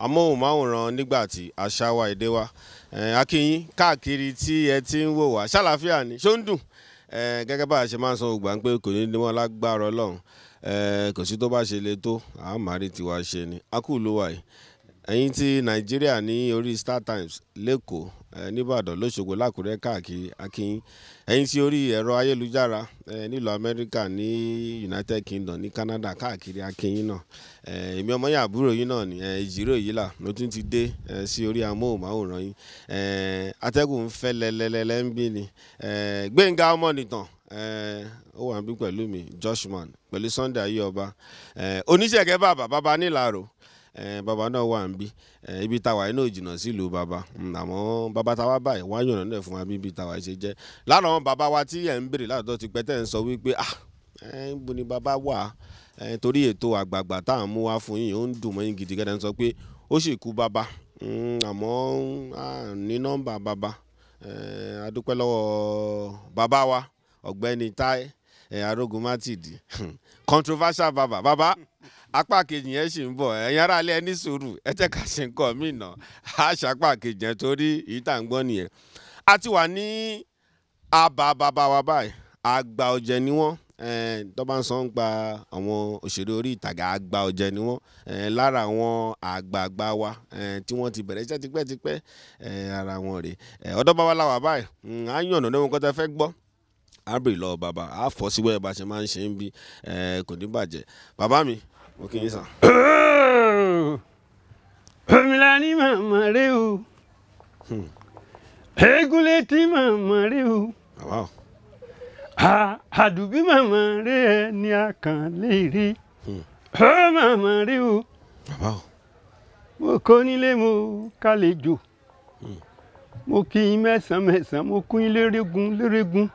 amóhùnmáwòrán nígbà tí àṣà wa èdè wa akínyín káàkiri tí ẹ ti ń wò wá ṣàlàfíà ni ṣó ń dùn gẹ́gẹ́ bá a ṣe máa ń san ògbà ń pé kò ní ní wọn lágbára ọlọ́run kò sí tó bá ṣe le tó àmàrí tiwa ṣe ni akú ló wà yìí ẹ̀yin ti nàìjíríà ní orí Star Times lẹ́kọ̀ọ́ nìbàdàn lọ́ṣogbo lákùrẹ́ káàkiri akínyìn ẹ̀yin tí orí ẹ̀rọ ayélujára nílùú amẹ́ríkà ní united kingdom ní canada káàkiri akínyìn náà èmi ọmọ yà àbúrò yín náà ní ìjírò yìí là ló tún ti dé sí orí amóhùnmáwòrán yín atẹ́gùn ń fẹ́ lẹ́lẹ́lẹ́lẹ́ ń bí ni gbẹ̀ngà ọmọnìtàn ó wà ń bí pẹ̀lú mi joshman pẹ̀lú sunday ayé ọba oníṣẹ́kẹ́ bàbá bàbá nílàró Eh, baba náà wà ń bí eh, ibi táwa yìí náà jìnnà sílùú bàbá hmm, àmọ́ bàbá táwa báyìí wọ́n á yànnà náà fún wa bí ibi táwa ṣe jẹ́ lára àwọn bàbá wa tí ẹ̀ ń béèrè látọ̀ ti pẹ́ tẹ́ ń sọ wípé ah eh, níbo ni bàbá wà torí ètò àgbààgbà tá à ń mú wá fún yín ó ń dùn mọ́ yín gidi gẹ́gẹ́ sọ pé ó sì kú bàbá hmm, àmọ́ ní nọ́mbà bàbá adúpẹ́ lọ́wọ́ bàbá wa ọ̀gbẹ́ni táyé arógun mátìdí hmm, controversial baba baba apá kejì yẹn sì ń bọ̀ ẹ̀yin ará ilé ẹni sùúrù ẹ jẹ́ ká ṣe nǹkan míì nà á ṣàpá kejì yẹn torí èyí tá à ń gbọ́ nìyẹn. a ti wà ní àbá bàbá wa báyìí àgbà ọ̀jẹ̀ ni wọ́n tó bá ń sọ ń gba àwọn òṣèré orí ìtàgé àgbà ọ̀jẹ̀ ni wọ́n lára àwọn àgbààgbà wa tí wọ́n ti bẹ̀rẹ̀ iṣẹ́ tipẹ́tipẹ́ ara wọn rèé ọ̀dọ́ bàbá báyìí á hmm, yànnà náà wọn kọ́ fẹ́ gbọ́ ábìrì lọ bàbá àfọ̀síwẹ́ bá ṣe máa ń ṣe ń bí kò ní bàjẹ́ bàbá mi Okay, kì í sàn. omila ni màmá rẹ o hmm. egunle ti màmá rẹ o àdùbí màmá rẹ ni a kàn lè rí ó màmá mo kó nílé mo kálejò hmm. mo kí i mẹ́sàn-án mẹ́sàn-án mo kún in lérégun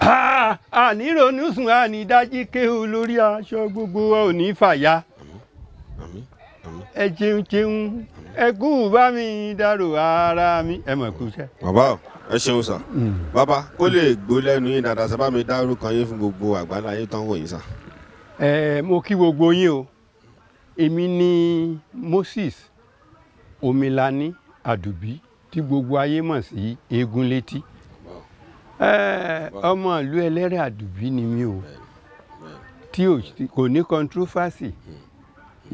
àníròónú sùn àní dájí ké olórí aṣọ gbogbo wa ò ní fàya ẹ jẹun jẹun ẹ kú bá mi dárò ara mi ẹ mọ̀ kú sẹ́. bàbá ẹ ṣeun sà bàbá kó lè gbó lẹ́nu yín dáadáa sábà mi dárúkọ yín fún gbogbo àgbàlá yín tán wò yín sà. ẹ mo kí gbogbo yín o èmi ni Moses Omilani Adubi, tí gbogbo ayé mọ̀ sí eégún létí ọmọ ìlú ẹlẹ́rẹ̀ àdùbí ni mí o tí kò ní controversy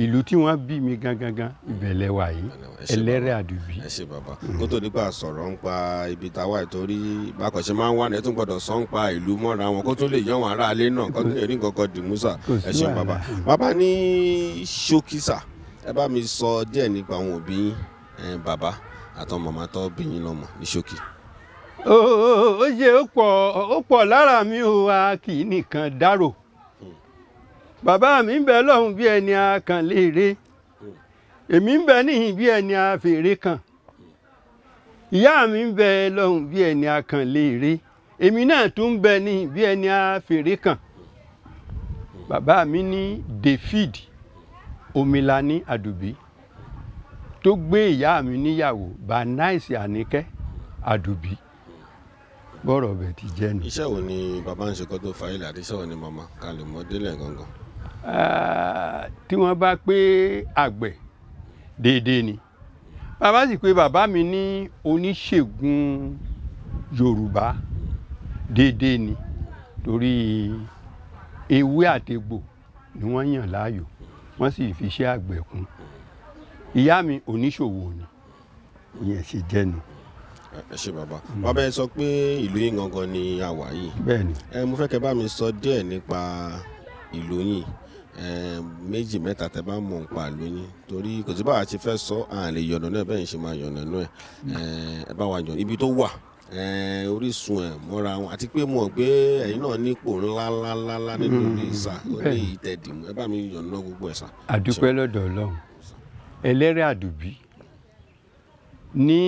ìlú tí wọ́n bí mi gangan gan ìbẹ̀lẹ̀ wà yìí ẹlẹ́rẹ̀ àdùbí. ẹ ṣe bàbá kó tó nípa sọ̀rọ̀ ń pa ibi táwa ìtorí bákọ̀ṣe máa ń wà ní ẹ̀ tún gbọ́dọ̀ sọ ń pa ìlú mọ́ra wọn kó tún lè yan wọn ará ilé náà kó tún lè rí nǹkan kan dì músà ẹ ṣeun bàbá bàbá ní ṣókísà ẹ bá mi sọ díẹ̀ nípa àwọn òbí yín bàbá àtọmọ̀mọ́tọ́ bí yín lọ́mọ ní ṣókí. ó ṣe ó pọ̀ ó pọ̀ lára mi ò wá kì í nìkan dárò bàbá mi ń bẹ lọ́hùn bí ẹni akàn léèrè èmi ń bẹ níhìn bí ẹni afèrè kan ìyá mi ń bẹ lọ́hùn bí ẹni akàn léèrè èmi náà tún ń bẹ níhìn bí ẹni afèrè kan bàbá mi ní David Omilani Adubi tó gbé ìyá mi níyàwó Bernice Anike Adubi. bọ́rọ̀ bẹ̀ ti jẹ́ nù. iṣẹ́ wo ni bàbá ń ṣe kó tó fa ilà àdíṣẹ́ wo ni màmá ká lè mọ délẹ̀ gangan. Ah, tí wọ́n bá pé àgbẹ̀ déédéé ni bàbá sì pé bàbá mi ní oníṣègùn Yorùbá déédéé ni torí ewé àtegbò ni wọ́n yàn láàyò wọ́n sì fi iṣẹ́ àgbẹ̀ kún ìyá mi oníṣòwò ni ìyẹn sì jẹ́nu ẹ ṣe bàbá bàbá ẹ sọ pé ìlú yín gangan ni a wà yìí bẹ́ẹ̀ni ẹ mo fẹ́ kẹ́ bá mi sọ díẹ̀ nípa ìlú yín méjì mẹ́ta tẹ́ bá mọ̀ nípa ìlú yín torí kò sí báwa ti fẹ́ sọ à yọ̀nà náà bẹ́ẹ̀ ṣe máa yọ̀nà náà ẹ bá wa yọ̀nà ibi tó wà orísun ẹ̀ mọ́ra wọn àti pé mọ̀ pé ẹ̀yin náà nípò ńláńláńlá nínú ìsà orí ìtẹ̀dìmú ẹ bá mi yọ̀nà gbogbo ẹ̀ sà. àdúpẹ́ lọ́dọ̀ ọlọ́run ẹlẹ́rìí àdùbí ní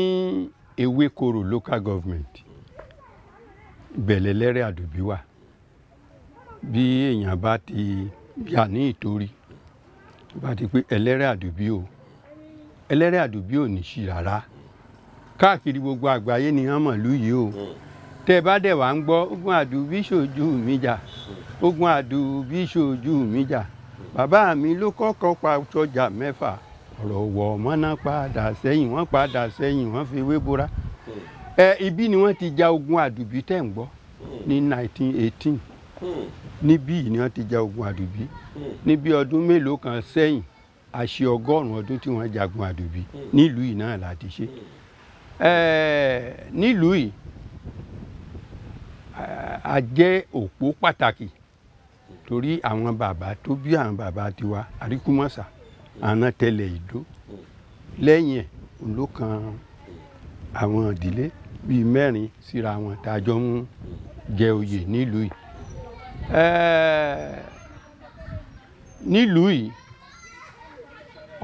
ewékorò local government bẹ̀lẹ̀lẹ́rẹ̀ àdùbí wà bí èèyàn bá ti yà ní ìtorí bá ti pé ẹlẹ́rẹ̀ àdùbí o ẹlẹ́rẹ̀ àdùbí ò ní sí rárá káàkiri gbogbo àgbáyé ni wọ́n mọ̀ lóyè o tẹ́ ẹ bá dẹ̀ wá ń gbọ́ ogun àdùbí ṣojú mi jà ogun àdùbí ṣojú mi jà bàbá mi ló kọ́kọ́ pa sọ́jà mẹ́fà ọ̀rọ̀ wọ̀ ọmọ náà padà sẹ́yìn wọ́n padà sẹ́yìn wọ́n fi wébora hmm. ẹ ibi ni wọ́n ti ja ogun àdùbí tẹ̀ ń gbọ́ hmm. ní 1918 hmm. níbí yìí ni wọ́n ti ja ogun àdùbí níbi ọdún mélòó kan sẹ́yìn àṣẹ ọgọ́rùn-ún ọdún tí wọ́n jagun àdùbí nílùú yìí náà láti ṣe nílùú yìí a jẹ́ òpó pàtàkì torí àwọn bàbá tó bí àwọn bàbá tiwa àríkúmọ̀sà anátẹlẹ ìdó lẹ́yìn ẹ̀ ló kan àwọn ìdílé bíi mẹ́rin síra wọn tàjọ ń jẹ oyè nílùú yìí nílùú yìí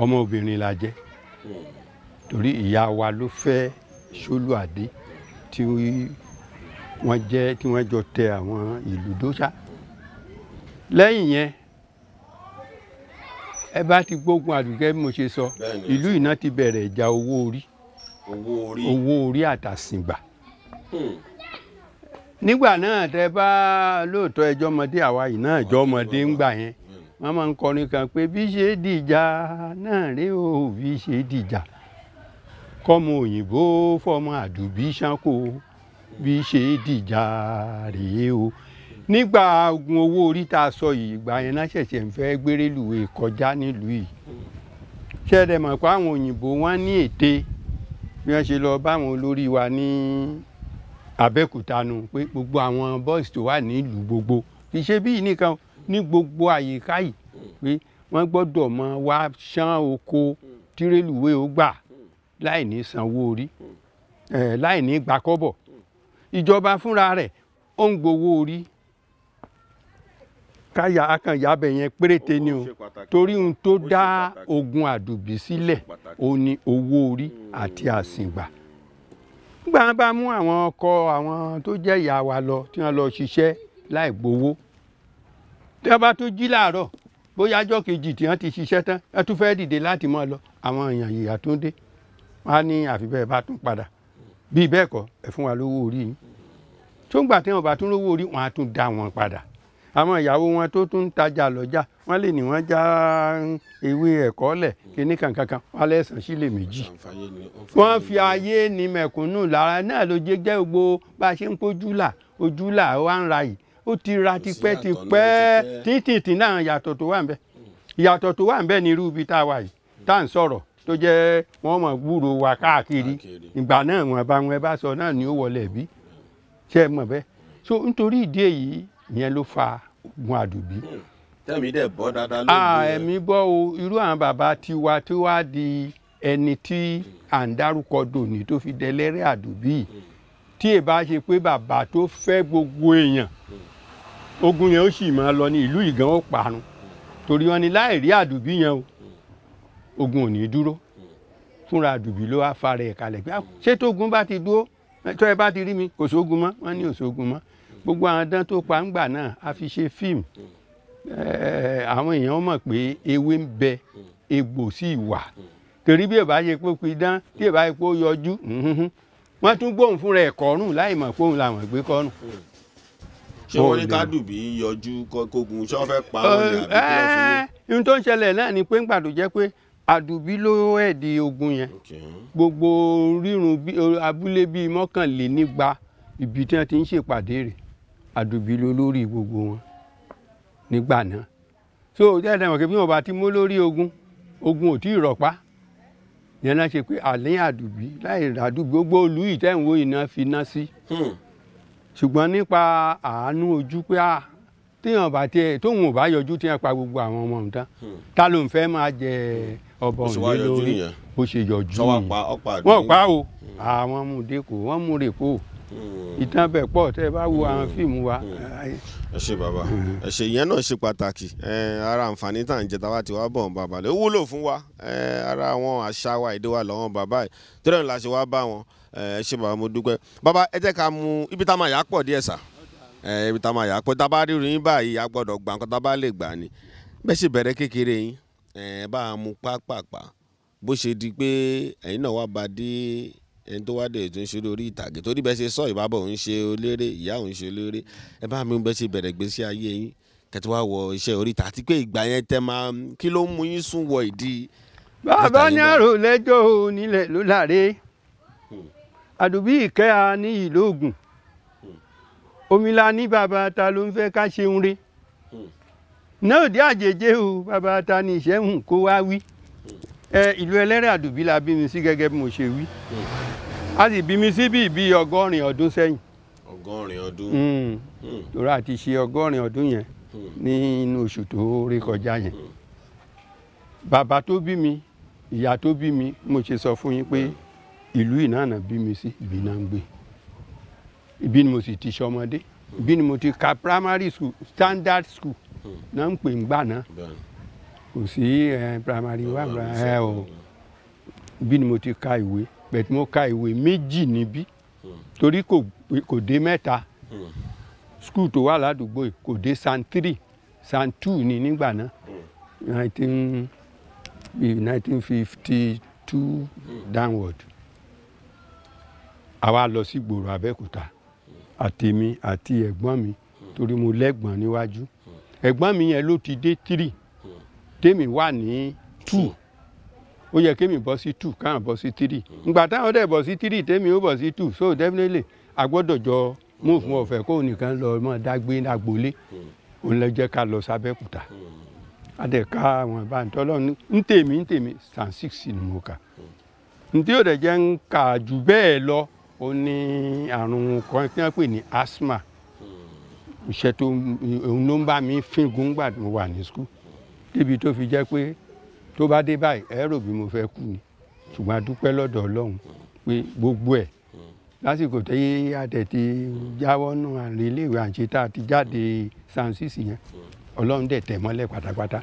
ọmọbìnrin la jẹ́ torí ìyá wa ló fẹ́ Ṣolúadé tí wọ́n jẹ́ tí wọ́n jọ tẹ àwọn ìlú dóṣà lẹ́yìn yẹn ẹ bá ti gbógun àdùkẹ́ bí mo ṣe sọ ìlú iná ti bẹ̀rẹ̀ ìjà owó orí owó orí àtàsìngbà hmm. nígbà náà tẹ bá lóòótọ́ ẹjọ́ ọmọdé àwa yìí náà ẹjọ́ ọmọdé ń gbà yẹn hmm. wọ́n máa ń kọrin kan pé bí ṣe dìjà náà rí o bí ṣe dìjà kọ́mọ òyìnbó fọmọ àdùbí ṣáko bí ṣe dìjà rèé o nígbà ogun owó orí tá a sọ yìí ìgbà yẹn náà ṣẹ̀ṣẹ̀ ń fẹ́ gbérélùwé kọjá nílùú yìí ṣẹ̀dẹ̀ mọ̀ pé àwọn òyìnbó wọ́n ní ète bí wọ́n ṣe lọ báwọn olórí wa ní Abẹ́òkúta nu pé gbogbo àwọn boys tó wà nílùú gbogbo kì í ṣe bí nìkan ní gbogbo àyíká yìí pé wọ́n gbọ́dọ̀ mọ wá ṣán oko tírélùwé ó gbà láì ní sanwó orí láì ní gbàkọ́bọ̀ ìjọba fúnra rẹ̀ ó ń gbowó orí káyà akànyàbẹ̀ yẹn péréte ni o torí ohun tó dá ogun àdùbí sílẹ̀ o ní owó orí àti àsìngbà nígbà wọn bá mú àwọn ọkọ àwọn tó jẹ́ ìyá wa lọ tí wọ́n lọ ṣiṣẹ́ láì gbowó tí wọ́n bá tún jí láàárọ̀ bóyá ọjọ́ kejì tí wọ́n ti ṣiṣẹ́ tán ẹ tún fẹ́ dìde láti mọ́ lọ àwọn èèyàn ìyà tó ń dé wọ́n á ní àfi bẹ́ẹ̀ bá tún padà bíi bẹ́ẹ̀ kọ́ ẹ fún wa lówó orí yìí tó ń gbà tí wọ́n bá tún lówó orí wọ́n á tún dá wọn padà àwọn ìyàwó wọn tó tún ń tajà lọ́jà wọ́n lè ní wọ́n já ewé ẹ̀kọ́ lẹ̀ kíní kankankan wọ́n lè san sílẹ̀ méjì. wọ́n fi ayé ni mẹ̀kúnnù lára náà ló jẹ́ jẹ́ gbogbo bá a ṣe ń pójú là ojú là wá ń ra yìí ó ti ra tipẹ́tipẹ́ títìtì náà yàtọ̀ tó wà ń bẹ̀ ìyàtọ̀ tó wà ń bẹ̀ ní irú ibi tá a wà yìí tá à ń sọ̀rọ̀ tó jẹ́ wọ́n mọ̀ gbúrò wa káàkiri ìgbà náà wọn bá wọn bá sọ náà ni ó wọlé bí ṣe é mọ̀ bẹ́ẹ̀ so nítorí ìdí èyí ìyẹn ló fa ogun àdùbí. Hmm. tẹ́mi dẹ̀ bọ́ dáadáa lóògùn rẹ̀. ẹ̀mí bọ́ o irú àwọn bàbá tiwa tí wàá di ẹni tí à ń dárúkọ dòní tó fi dẹlẹ́rẹ́ àdùbí hmm. tí ì bá ṣe pé bàbá tó fẹ́ gbogbo èèyàn hmm. ogun yẹn ó sì máa lọ ní ìlú ìgàn ó parun torí wọn ni láì rí àdùbí yẹn o ogun ò ní dúró fúnra àdùbí ló wá fara ẹ̀ kalẹ̀ pé ah, ṣé tógun bá ti dúró tó ẹ bá ti rí mi kò sógun mọ́ wọ́n ní ò mọ́ gbogbo àwọn dán tó pa ńgbà náà a fi ṣe fíìmù eh, àwọn èèyàn mọ̀ pé ewé ń bẹ egbò sì wà torí bí èbá yẹ pé ó pidán tí èbá yẹ pé ó yọjú wọ́n tún gbóhùn fúnra ẹ̀ kọ́rùn láì mọ̀ fóun làwọn gbé kọ́rùn. ṣé wọ́n ní kádùbí yọjú kógun ṣé wọ́n fẹ́ pa wọ́n ní àbí kí wọ́n fi ní. Eh, ohun tó ń ṣẹlẹ̀ náà ni pé ńgbà tó jẹ́ pé àdùbí ló ẹ̀dì ogun yẹn gbogbo rírun abúlé bíi mọ́kànlénígba ibi tí wọ́n ti ń ṣèpàdé rẹ̀ àdùbí ló lórí gbogbo wọn nígbà náà so tẹ́lẹ̀ mọ̀ pé bí wọ́n bá ti mú lórí ogun ogun ò tí ì rọ̀pá yẹn náà ṣe pé àlẹ́ àdùbí láì ràdùbí gbogbo olú ìtẹ̀wò iná fi ná sí hmm. ṣùgbọ́n nípa àánú ojú pé a ah, téèyàn bá tiẹ̀ tóun ò bá yọjú téèyàn pa gbogbo àwọn ọmọ ọ̀hún tán hmm. ta ló ń fẹ́ máa jẹ ọba òǹdé lórí bó ṣe yọjú wọn pa o hmm. àwọn ọmọdé kò wọ́n mú rè Hmm. ìtàn bẹ̀ pọ̀ tẹ́ ẹ bá wo àwọn hmm. fíìmù wa. Hmm. ẹ ṣe bàbá ẹ ṣe ìyẹn náà ṣe pàtàkì ara àǹfààní tá à ń jẹ tá a bá ti wá bọ̀ ọ́n bàbá lè wúlò fún wa ara àwọn àṣà wa èdè wa lọ́wọ́ bàbá yìí tó dẹ̀ ṣe wá bá wọn ẹ ṣe bàbá mo dúpẹ́ bàbá ẹ jẹ́ ká mu ibi tá a máa yà á pọ̀ díẹ̀ sà ibi tá a máa yà á pọ̀ tá a bá rí rin báyìí a gbọ́dọ̀ gbà nǹkan tá a bá lè gbà ni bẹ́ẹ̀ sì bẹ̀rẹ̀ kékeré yín bá a mu pápápá bó ṣe di pé ẹ̀yin náà wá ba dé ẹni tó wá dé ètò ń ṣe lórí ìtàgé torí bẹ́ẹ̀ ṣe sọ ìbábọ̀ ń ṣe oléré ìyá òun ṣe oléré ẹ bá mi bẹ́ẹ̀ ṣe bẹ̀rẹ̀ gbèsè ayé yín kẹtí wá wọ iṣẹ́ oríta àti pé ìgbà yẹn tẹ máa kí ló ń mú yín sùn wọ ìdí. bàbá nyàrò lẹ́jọ́ onílẹ̀ ló láre hmm. àdùbí ìkẹ́ha ní ìlú Ògùn hmm. omila ní bàbá ta ló ń fẹ́ ká ṣeun re hmm. náà dé àjèjé o bàbá ta ní ìṣẹ́hùn ìlú ẹlẹ́rẹ̀ àdùbí la bí mi sí gẹ́gẹ́ bí mo ṣe wí a sì bí mi sí bí ìbí ọgọ́rin ọdún sẹ́yìn. ọgọ́rin ọdún. Hmm. Hmm. torí a ti ṣe ọgọ́rin ọdún yẹn hmm. nínú oṣù tó rí kọjá yẹn bàbá tó bí mi ìyá tó bí mi mo ṣe sọ fún yín pé ìlú ìnáànà bí mi sí ìbí náà ń gbé ìbí ni mo sì ti ṣọmọdé ìbí ni mo ti ka primary school standard school náà ń pè ń gbà náà kò sí eh, primary one primary eh, o bí ni mo ti ka ìwé bẹ̀tí mo ka ìwé méjì níbí hmm. torí kò dé mẹ́ta hmm. skul tó wà ládùúgbò yìí kò dé san three san two ni nígbà náà hmm. nineteen nineteen fifty two downward àwa lọ sí gbòòrò Abẹ́òkúta àtèmi àti ẹ̀gbọ́n mi torí mo lẹ́gbọ̀n níwájú ẹ̀gbọ́n mi yẹn ló ti dé three tèmi wà ní two ó yẹ kémi bọ́ sí two káwọn bọ́ sí three ìgbà táwọn dẹ̀ bọ́ sí three tèmi ó bọ́ sí two so definitely agbọ́dọ̀ jọ move fún ọ̀fẹ́ kó nìkan lọ mọ́ dágbé agboolé òun lè jẹ́ ká lọ sábẹ́kúta adẹ̀ka àwọn ìbánitọ́lọ́ ń tèmi ń tèmi san six ni mo kà ntí ò dẹ̀ jẹ́ ń kà jù bẹ́ẹ̀ lọ ó ní àrùn kan tí wọ́n pè ní asthma iṣẹ́ tó òun ló ń bá mi fíngun gbà wà ní school débi tó fi jẹ́ pé tó bá dé báyìí ẹ rò bí mo fẹ́ kú ni ṣùgbọ́n a dúpẹ́ lọ́dọ̀ Ọlọ́run pé gbogbo ẹ̀ lásìkò tó yé àtẹ̀ ti jáwọ́ nù àrùn iléèwé àǹṣetá àti jáde sansisi yẹn Ọlọ́run dẹ̀ tẹ̀ mọ́lẹ̀ pátápátá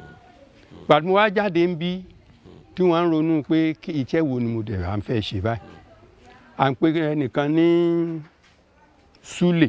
pàtó wá jáde ń bí tí wọ́n ń ronú pé iṣẹ́ wo ni mo dẹ̀ à ń fẹ́ ṣe báyìí à ń pè ẹnìkan ní Súlè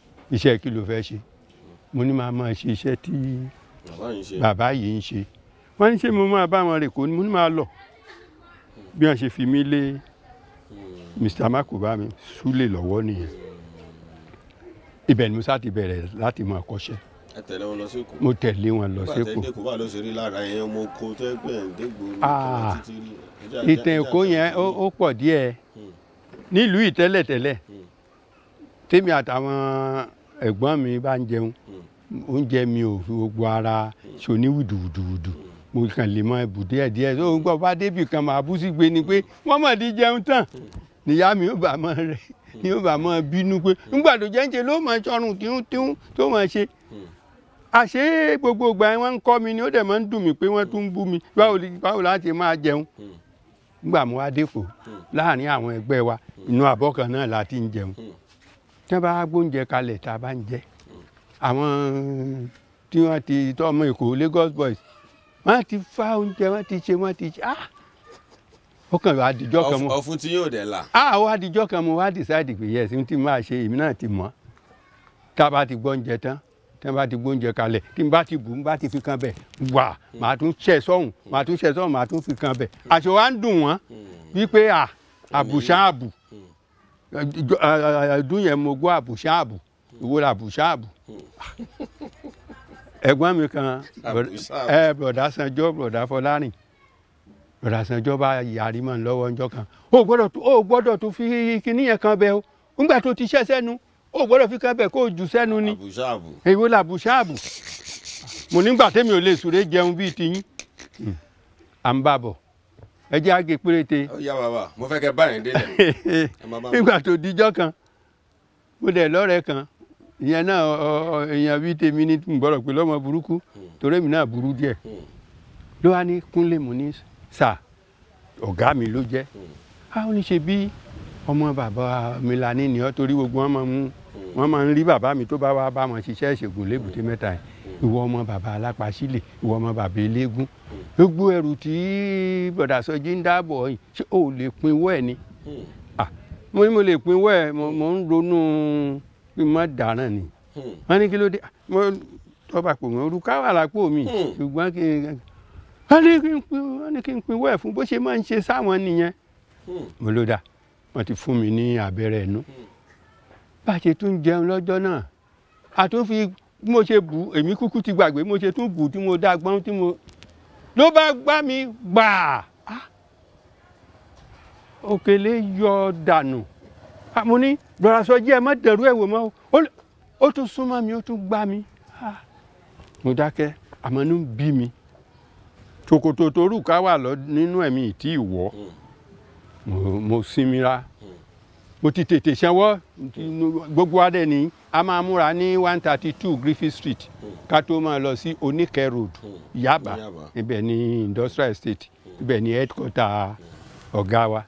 iṣẹ́ kí ló fẹ́ ṣe mo ní máa máa ṣe iṣẹ́ tí bàbá yìí ń ṣe wọ́n ní ṣé mo máa bá wọn rè kó ni mo ní máa lọ bí wọ́n ṣe fi mí lé Mr. Makuba mi súlè lọ́wọ́ nìyẹn ibẹ̀ ni mo sá ti bẹ̀rẹ̀ láti máa kọ́ṣẹ́ ẹ tẹ̀lé wọn lọ sẹ́kù. mo tẹ̀lé wọn lọ sẹ́kù. nígbà tẹ́ dẹ́kun bá ló ṣe rí lára yẹn mo kó tẹ́ pẹ́ dégbò ní ah, kíláà títí ìtàn èkó yẹn ó pọ̀ díẹ̀ hmm. nílùú ìtẹ́lẹ̀tẹ́lẹ̀ hmm. tèmi àtàwọn ẹ̀gbọ́n mi bá ń jẹun hmm. oúnjẹ mi ò fi gbogbo ara hmm. ṣo ní wùdùwùdùwùdù hmm. mo kàn lè mọ ẹ̀bù díẹ̀díẹ̀ tó ń gbọ́ bá débì kan màá bú sí gbé ni pé wọ́n mọ̀ ní jẹun tán níyà mi ò bá mọ rẹ ni ó bá mọ bínú pé nígbà tó jẹ́ ń ṣe ló mọ sọrun tíún tíún tó mọ ṣe àṣé gbogbo ìgbà yẹn wọ́n ń kọ́ mi ni ó dẹ̀ máa ń dùn mí pé wọ́n tún ń bú mi báwo láti máa jẹun nígbà mo wá dépò láàrin àwọn ẹgbẹ́ wa inú àbọ̀ kan náà la ti ń jẹun tí wọ́n bá gbóúnjẹ kalẹ̀ tá a bá ń jẹ àwọn tí wọ́n ti tọ́ ọmọ èkó Lagos boys wọ́n ti fa oúnjẹ wọ́n ti ṣe wọ́n ti ṣe ah ó kàn wá àdìjọ́ kan mu ọ̀fun tí yóò dẹ̀ la. ah wá àdìjọ́ kan mu wá decide pé yẹ ẹ̀sìn tí máa ṣe èmi náà ti mọ̀ tá a bá ti gbóúnjẹ tán tí wọ́n bá ti gbóúnjẹ kalẹ̀ tí n bá ti bù n bá ti fi kan bẹ̀ wà màá tún ṣẹ̀ sọ́hùn màá tún ṣẹ̀ sọ́hùn màá tún fi kan bẹ̀ àṣọ wa ń dùn wọ́n hmm. wípé à àbùṣá àbù ọdún yẹn mo gbọ́ àbùṣáàbù ìwúrà àbùṣáàbù ẹ̀gbọ́n mi kan ẹ bọ̀dá sanjọ́ bọ̀dá fọlárìn bọ̀dá sanjọ́ bá yàrí mọ̀ lọ́wọ́ ọjọ́ kan o gbọ́dọ̀ tó ó gbọ́dọ̀ tó fi kíní yẹn kan bẹ o nígbà tó ti ṣẹ́ sẹ́nu ó gbọ́dọ̀ fi kan bẹ kó o jù sẹ́nu ni ìwúrà àbùṣáàbù mo nígbà tẹ́mi ò lè sùré jẹun bíi tiyín hmm. à ń bá bọ̀ ẹ jẹ́ àgè péréte. ó yá bàbá mo fẹ́ kẹ́ báyìí délẹ̀. nígbà tó dijọ́ kan mo dẹ̀ lọ́rẹ̀ẹ́ kan ìyẹn náà èèyàn bíi tèmi ní gbọ́dọ̀ pé lọ́mọ burúkú hmm. torí èmi náà burú díẹ̀ hmm. ló wá ní kúnlẹ̀ mo ní sà ọ̀gá mi ló jẹ́ àwọn hmm. oníṣe bí ọmọ bàbá mi la ní torí gbogbo wọn máa ń rí bàbá mi tó bá wá bá wọn ṣiṣẹ́ ìṣègùn lébùté mẹ́ta yìí ìwọ ọmọ bàbá alápàsílẹ̀ ìwọ ọmọ bàbá eléégún gbogbo ẹrù tí bọ̀dà Sọjí ń dáàbọ̀ yìí ṣé o lè pinwọ́ ẹ̀ ni mo ní mo lè pinwọ́ ẹ̀ mo ń ronú pé má dáràn ni wọ́n ní kí ló dé tọ́ba pò mí orúkọ wà lápò mi ṣùgbọ́n kí n wọ́n ní kí n pinwọ́ ẹ̀ fún bó ṣe máa ń ṣe sáwọn nìyẹn mo ló dà wọ́n ti fún mi ní abẹ́rẹ́ ẹnu bá a ṣe tún jẹun lọ́jọ́ náà a tún fi bí mo ṣe bù èmi kúkú ti gbàgbé mo ṣe tún bù tí mo dá gbọ́n tí mo ló bá gbá mi gbà á ah! òkèlè yọ dànù ah, mo ní Brother Sọjí ẹ má dẹ̀rú ẹ̀ wò mọ́ ó tún súnmọ́ mi ó tún gbá mi ah! mo dákẹ́ àmọ́ inú bí mi tòkòtò torúkà wà lọ nínú ẹ̀mí ìtì ìwọ́ hmm. mo sinmi ra mo ti tètè sanwó gbogbo adé ni a máa múra ní one thirty two Griffith Street ká tó máa lọ sí Oníkẹ́ Road Yaba ibẹ̀ ni industrial estate ibẹ̀ ni headquarter ọ̀gá wa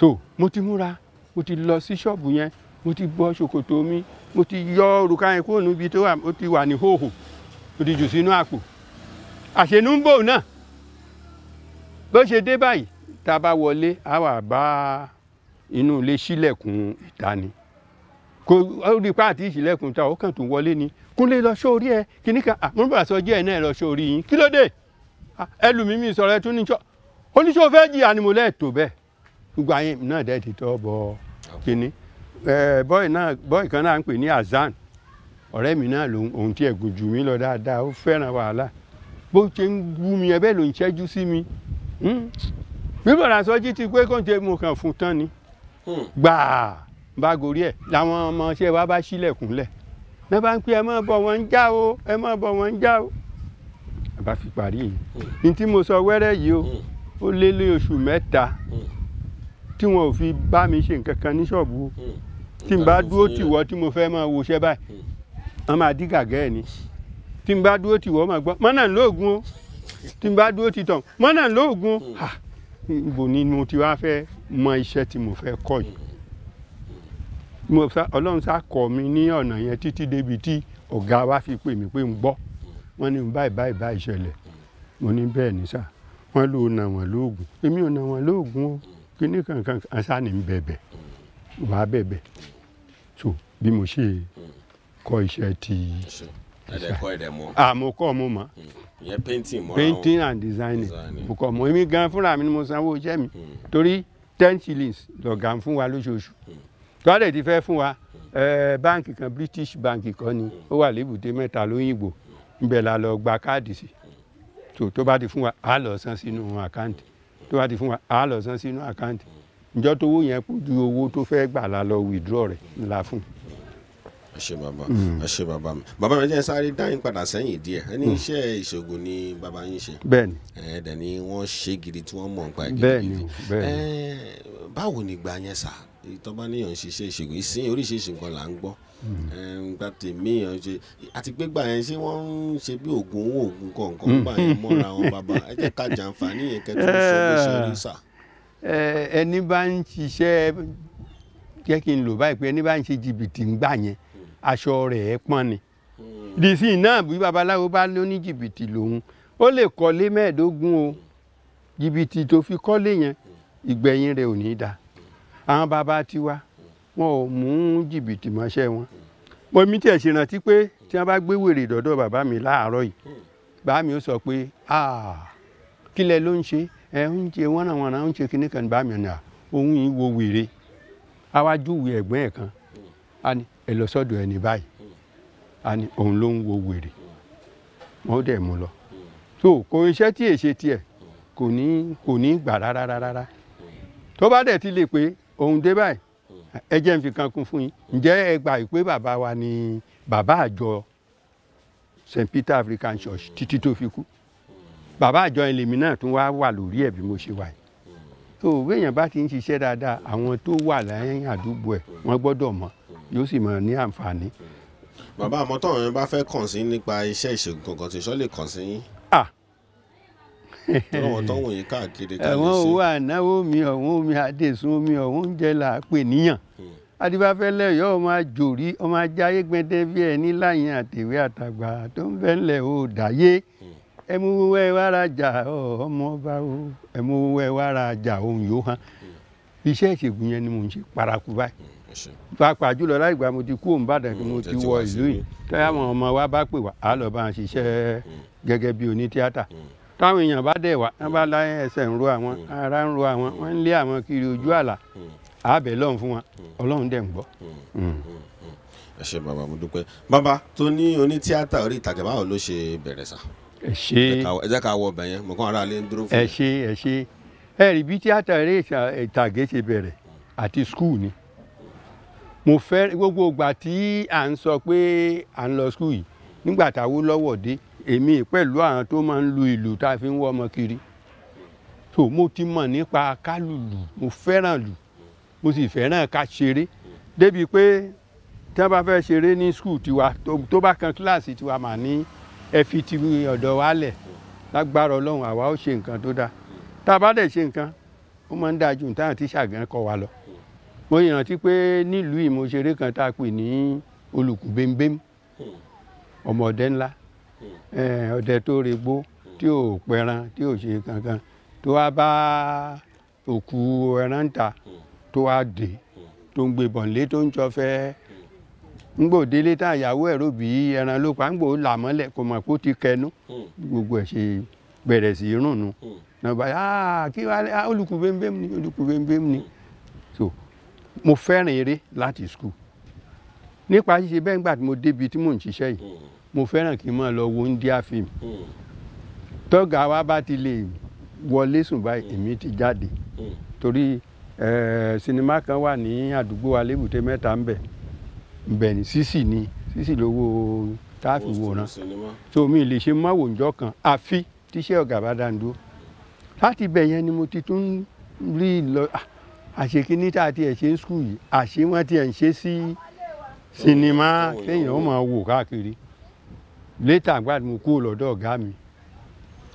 so mo ti múra mo ti lọ sí ṣọ́ọ̀bù yẹn mo ti bọ́ ṣòkòtò mi mo ti yọ òrùka yẹn kúrò níbi tó wà mo ti wà ní hóhò mo ti jù sínú àpò àṣenúbò náà bó ṣe dé báyìí tá a bá wọlé a wà bá a. inú ilé sílẹ̀kùn ìta ni kò ó rí ipá àti ìṣílẹ̀kùn ìta ó kàn wọlé ni kúnlé lọ sórí ẹ kíní kan àmúbà sọ díẹ̀ náà lọ sórí yín kí ló dé ẹlòmímì sọ̀rọ̀ ẹ tún níjọ oníṣòwò fẹ́ jìyà tó bẹ́ẹ̀ gbogbo ayé náà dẹ́ ti tọ́ bọ kíní bọ́ì náà bọ́ì kan náà ń pè ní azan ọ̀rẹ́ mi náà lòun òun tiẹ̀ gùn mí lọ dáadáa ó fẹ́ràn wàhálà bó ṣe ń wú mi ẹ bẹ́ẹ̀ ló ń ṣẹ́jú sí mi hmm? bíbọ̀dà sọ́jí ti pé kóńté mo kàn fún tán ni Hmm. gbàá bá gorí ẹ̀ làwọn ọmọ iṣẹ́ wa bá sílẹ̀kùnlẹ̀ náà bá ń pè ẹ mọ́ bọ̀ wọ́n ń já o ẹ mọ́ bọ̀ wọ́n ń já o a bá fi parí yìí hmm. ní tí mo sọ wẹ́rẹ́ yìí o hmm. ó lé lé oṣù mẹ́ta tí wọn ò fi bá mi ṣe nǹkan kan ní ṣọ́ọ̀bù o tí n bá dúró tìwọ́ tí mo fẹ́ máa wo iṣẹ́ báyìí wọ́n máa dí gàgẹ́ ẹ̀ ni tí n bá dúró tìwọ́ máa gbọ́ mọ́nà lóògùn o tí n bá dúró tìtàn mọ́nà lóògùn o ìbò ni mo ti wá fẹ́ mọ iṣẹ́ tí mo fẹ́ kọ́ yìí mo fẹ́ ọlọ́run sá kọ́ mi ní ọ̀nà yẹn títí débi tí ọ̀gá wa fi pè mí pé ń gbọ́ wọ́n ní báyìí báyìí báyìí ṣẹlẹ̀ mo ní bẹ́ẹ̀ ní sà wọ́n lò ó nà wọ́n lóògùn èmi ò nà wọ́n lóògùn o kíní kankan asá ń bẹ̀bẹ̀ wàá bẹ̀bẹ̀ so bí mo ṣe kọ́ iṣẹ́ ti àmọ́ ah, kọ́ mo mọ̀ hmm. painting and designing mo kọ́ mo èmi gan fúnra mi ni mo sanwó iṣẹ́ mi hmm. torí ten shillings lọ̀gá ń fún wa lóṣooṣù tọ́lẹ̀ ti fẹ́ fún wa báǹkì kan British bank kan ni ó wà lébùté mẹ́ta lóyìnbó ńbẹ̀ la lọ gba káàdì sí tó tó bá ti fún wa á lọ san sínú àkáǹtì tó bá ti fún wa á lọ san sínú àkáǹtì ǹjọ́ tówó yẹn kú ju owó tó fẹ́ gbà la lọ withdraw rẹ̀ ńlá fún un ẹ bàbá mm. ẹ ṣé bàbá mi bàbá mi jẹ́ sáré dáhìn padà sẹ́yìn díẹ̀ ẹni mm. iṣẹ́ ìṣègùn ni bàbá yín ṣe. bẹ́ẹ̀ni. ẹ dẹ̀ ni wọ́n ṣe gidi tí wọ́n mọ̀ nípa ẹ̀ gidi. bẹ́ẹ̀ni bẹ́ẹ̀ni. báwo ni ìgbà yẹn sà ìtọ́ba níyàn ṣiṣẹ́ ìṣègùn ìsìn oríṣiríṣi nǹkan là ń gbọ́ mm. gba tèmi yàn ṣe àti pé gbà yẹn ṣé wọ́n ń ṣe bí oògùn owó oògùn kọ̀ọ̀kan gbà yẹn mọ́ra wọn bàbá ẹ jẹ́ ká jàǹfààní yẹn kẹ́tù ẹni bá ń ṣiṣẹ́ jẹ́ kí n lò báyìí pé ẹni bá ń ṣe jìbìtì ń gbà yẹn aṣọ rẹ̀ pọ́n ni dìsí náà bí babaláwo bá lóní jìbìtì lòun ó lè kọ́lé mẹ́ẹ̀ẹ́dógún o jìbìtì tó fi kọ́lé yẹn ìgbẹ̀yìn rẹ̀ ò ní dáa àwọn bàbá tiwa wọn ò mú jìbìtì mọ́ṣẹ́ wọn mo mi tiẹ̀ ṣe rántí pé tí wọ́n bá gbé wèrè dọ̀dọ̀ bàbá mi láàárọ̀ yìí bàbá mi ó sọ pé kílẹ̀ ló ń ṣe ẹ ń ṣe wọ́nàwọ́nà ń ṣe kíní kan bàbá mi ọ̀nà òun yìí wo wèrè awájú ẹ̀gbọ́n ẹ̀ kan ẹ lọ sọ́dọ̀ ẹni báyìí a ní òun ló ń wo wèrè wọ́n dẹ̀ mú lọ so kò iṣẹ́ tí èṣe tiẹ̀ kò ní kò ní gbà rárá rárá tó bá dẹ̀ ti lè pé òun dé báyìí ẹ jẹ́ n fi kan kún fún yín ǹjẹ́ ẹ gbà pé bàbá wa ni bàbá àjọ St Peter African Church títí tó fi kú bàbá àjọ ẹlẹ́mì náà tún wá wà lórí ẹ̀ bí mo ṣe wà yìí tó béèyàn bá ti ń ṣiṣẹ́ dáadáa àwọn tó wà láyìn àdúgbò ẹ̀ wọ́n gbọ́dọ̀ mọ̀ yóò sì máa ní àǹfààní. bàbá àmọ́ tọ́wọ́n yẹn bá fẹ́ kàn sí nípa iṣẹ́ ìṣègùn kankan tí sọ́lé kàn sí yín. tọ́wọ́ tọ́wọ́ yìí káàkiri ká lè ṣe. ẹ̀wọ̀n owó ànáwó mi ọ̀hún omi àdèsùn omi ọ̀hún oúnjẹ là á pè níyàn. Hmm. adibafẹ́lẹ́ yọ ọmọ àjòrí ọmọ ajá ayégbẹ́dẹ́ bí ẹni láyìn àtẹ̀wé àtàgbà tó ń bẹ́ ńlẹ̀ o dàyé ẹmu wẹ́ wàrà jà ọmọ ọba o ẹmu wẹ́ wàrà jà ohun yòó hàn hmm. iṣẹ́ ìṣègùn yẹn ni mò ń ṣe paraku báyìí hmm pàápàá jùlọ láì gbà mo ti kú òǹbàdàn kí mo mm, ti wọ ìlú yìí táwọn ọmọ wa bá pè wá á lọ bá ń ṣiṣẹ́ mm. gẹ́gẹ́ bí onítíátà mm. táwọn èèyàn bá dẹ̀ wá wọ́n bá láyé ẹsẹ̀ ń ro àwọn ara ń ro àwọn wọ́n ń lé àwọn kiri ojú àlà àbẹ̀ lọ́hùn fún wọn ọlọ́run dẹ̀ ń gbọ́. ẹ ṣe bàbá mo dúpẹ́ bàbá tó ní onítíátà orí ìtàgé báwo ló ṣe bẹ̀rẹ̀ sà. ẹ ṣe ẹ jẹ́ ká wọ ọbẹ̀ yẹn mọ̀kàn ara lè ń dúró fún mi. ẹ ṣe ẹ ṣe ẹ rí bí tíátà eré ìtàgé ṣe bẹ̀rẹ̀ àti skul ni mo fẹ́ gbogbo ìgbà tí à ń sọ pé à ń lọ skul yìí nígbà táwo lọ́wọ́ dé èmi pẹ̀lú àwọn tó máa ń lu ìlù tá a fi ń wọ́ ọmọ kiri tó mo ti mọ̀ nípa kálùlù mo fẹ́ràn lù mo sì fẹ́ràn ká ṣeré débi pé tí wọ́n bá fẹ́ ṣeré ní skul tiwa tó bá kan kíláàsì tiwa mà ní ẹ fi ti ọ̀dọ̀ wa lẹ̀ lágbára ọlọ́run àwa ó ṣe nǹkan tó dáa tá a bá dẹ̀ ṣe nǹkan ó máa ń dáa ju nǹkan tí ṣàgán kọ wa lọ mo rántí pé nílùú ìmọ̀ṣeré kan tá a pè ní olùkù bẹ́ńbẹ́m ọmọ ọdẹ ńlá hmm. ọdẹ tó regbó tí ò pẹran tí ò ṣe kankan tó wá bá òkú ẹran ta tó wá dé tó ń gbébọn lé tó ń jọfẹ́ ngbò délé tá ìyàwó ẹ̀ rò bí ẹran ló pa ngbò là mọ́lẹ̀ kò mọ̀ kó ti kẹnu gbogbo ẹ̀ ṣe bẹ̀rẹ̀ sí í rùn nu hmm. nàbàyà kí wàá olùkù bẹ́ńbẹ́m ni olùkù bẹ́ńbẹ́m ni. Mm mo fẹ́ràn eré láti school nípa ṣíṣe bẹ́ẹ̀ nígbà tí mo débi tí mò ń ṣiṣẹ́ yìí hmm. mo fẹ́ràn kí n máa lọ wo india film hmm. tọ́gà wa bá ti lè wọlé sùn báyìí hmm. èmi ti jáde torí sinimá kan wà ní àdúgbò alébùté mẹ́ta ń bẹ̀ bẹ̀ ní sísì ni sísì lówó táàfì wòran so mi lè ṣe máwòjọ́ kan àfi tíṣẹ́ ọ̀gá bá dáńdó láti bẹ̀ yẹn ni mo ti tún rí lọ àṣekíní tá a tiẹ̀ ṣe ń skul yìí àṣé wọ́n tiẹ̀ ń ṣe sí sinimá kéèyàn ó máa wò káàkiri létà gbà tí mo kúrò lọ́dọ̀ ọ̀gá mi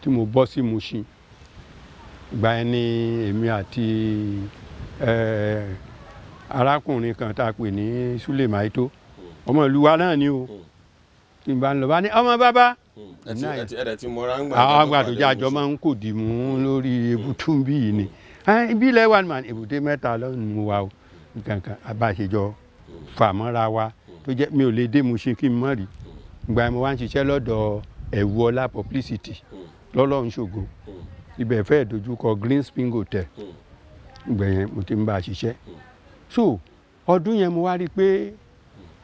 tí mo bọ́ sí Mushin ìgbà yẹn ni èmi àti eh, arákùnrin kan tá a pè ní Sulemaito ọmọ ìlú wa náà ni o tí n bá ń lọ bá ní ọmọ bàbá ẹ̀dẹ̀ tí mo rà ń gbà tó jájọ máa ń kò dì mú lórí ebútú hmm. bíi ni. Mm ibi ilẹ̀ wà mà èbúté mẹ́ta lọ́nù mu wa o kankan abáṣejọ fàmọ́ra wa tó jẹ́ mi ò lè dé mu ṣe kí n mọ̀ rí ìgbà mi wá ń ṣiṣẹ́ lọ́dọ̀ ẹ̀wù ọlá publicity lọ́lọ́run ṣògo ibẹ̀ fẹ́ dojúkọ green spring hotel ìgbà yẹn mo ti ń bá a ṣiṣẹ́ so ọdún yẹn mo wá rí i pé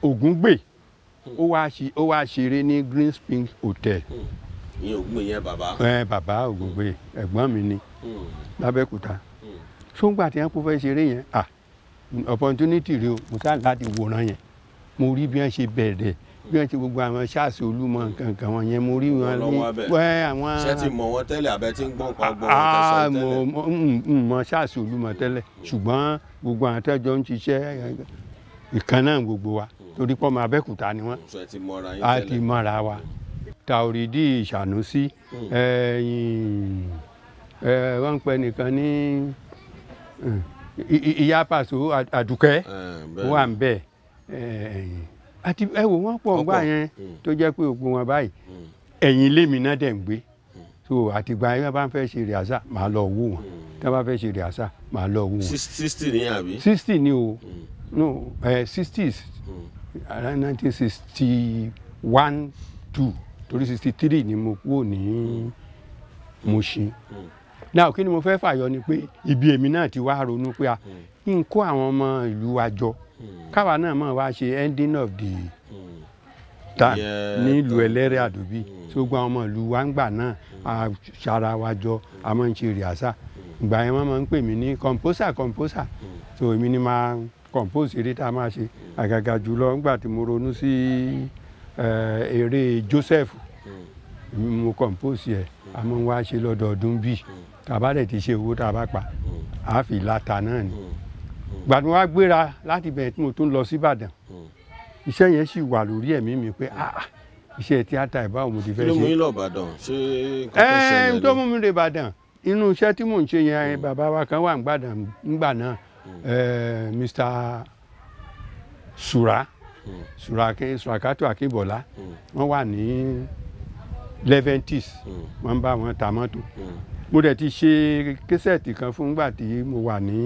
ògùn gbè ó wá ṣeré ní green spring hotel. ìyẹn ògùn gbè yẹn bàbá. ẹ bàbá ògùn gbè ẹ̀gbọ́n mi ni hmm. lábẹ́kúta sóńgbà tí wọn kó fẹ́ ṣeré yẹn à opportunity rẹ o mo sá láti wòran yẹn mo rí bí wọn ṣe bẹ̀rẹ̀ bí wọn ṣe gbogbo àwọn ṣáàṣì olúmọ nǹkan kan wọn yẹn mo rí wọn ní wẹ àwọn. ṣé ti mọ̀ wọn ah, tẹ́lẹ̀ abẹ tí ń gbọ́n pa gbọ́n tẹsán tẹ́lẹ̀. n mọ̀ ṣáàṣì olúmọ tẹ́lẹ̀ ṣùgbọ́n gbogbo àwọn tẹ́jọ ń ṣiṣẹ́ ìkan náà gbogbo wa hmm. torí pọ́ ọmọ abẹ́kúta ni wọ́n hmm, a ti mọ̀ra wa tàòrídì ìṣànúsí hmm. ẹ̀yìn ẹ̀ wọ́n ń pẹ́ nìkan ní ìyá pàṣẹ àdùkẹ́ wà ń bẹ̀ àti ẹ wò wọ́n pọ̀ ńgbà yẹn hmm. tó jẹ́ pé ògbó wọn báyìí hmm. ẹ̀yìn ilé náà dẹ̀ ń gbé hmm. so àtìgbà yẹn bá ń fẹ́ ṣe rìásà màá lọ wò wọ́n tí wọ́n bá fẹ́ ṣe rìásà màá lọ wò wọ́n. sixty ni àbí. sixty ni o no sixties around nineteen sixty one two torí sixty three ni mo kúrò ní Mùṣín. Mm náà kí ni mo fẹ́ fàyọ ni pé ibi èmi náà ti wá ronú pé a hmm. n kó àwọn ọmọ ìlú wa jọ hmm. káwa náà mọ̀ wá ṣe ending of the time hmm. nílùú ẹlẹ́rẹ̀ àdóbí ṣùgbọ́n àwọn ọmọ ìlú wa ń gbà náà a ṣara wa jọ a máa ń ṣe rìásà ìgbà yẹn wọ́n máa ń pè mí ní composer composer so èmi ni máa compose eré tá a máa ṣe àgàgà jùlọ nígbà tí mo ronú sí eh, eré Joseph èmi mo compose ẹ̀ a máa ń wá ṣe lọ́dọọdún bí tàbá dẹ̀ ti ṣe owó tàbá pa a fi láta náà ni gbàdúrà wá gbéra láti bẹ̀rẹ̀ tí mo tún lọ síbàdàn iṣẹ́ yẹn sì wà lórí ẹ̀mí mi pé ah, ah iṣẹ́ tíátà ìbáwò mo ti fẹ́ ṣe. kí ló mú yín lọ Ìbàdàn ṣé kókó eh, ṣẹlẹ̀ lọ. ẹ tó mú mi lè Ìbàdàn inú iṣẹ́ tí mò ń ṣe yẹn bàbá wa kan wà ngbàdàn ngbà náà eh, Mr Sura hmm. Surakato Akínbọ̀lá hmm. wọ́n wà ní leventis hmm. wọ́n bá wọn ta mọ́tò hmm. mo dẹ̀ ti ṣe kẹsẹ̀tì kan fún gbà tí mo wà ní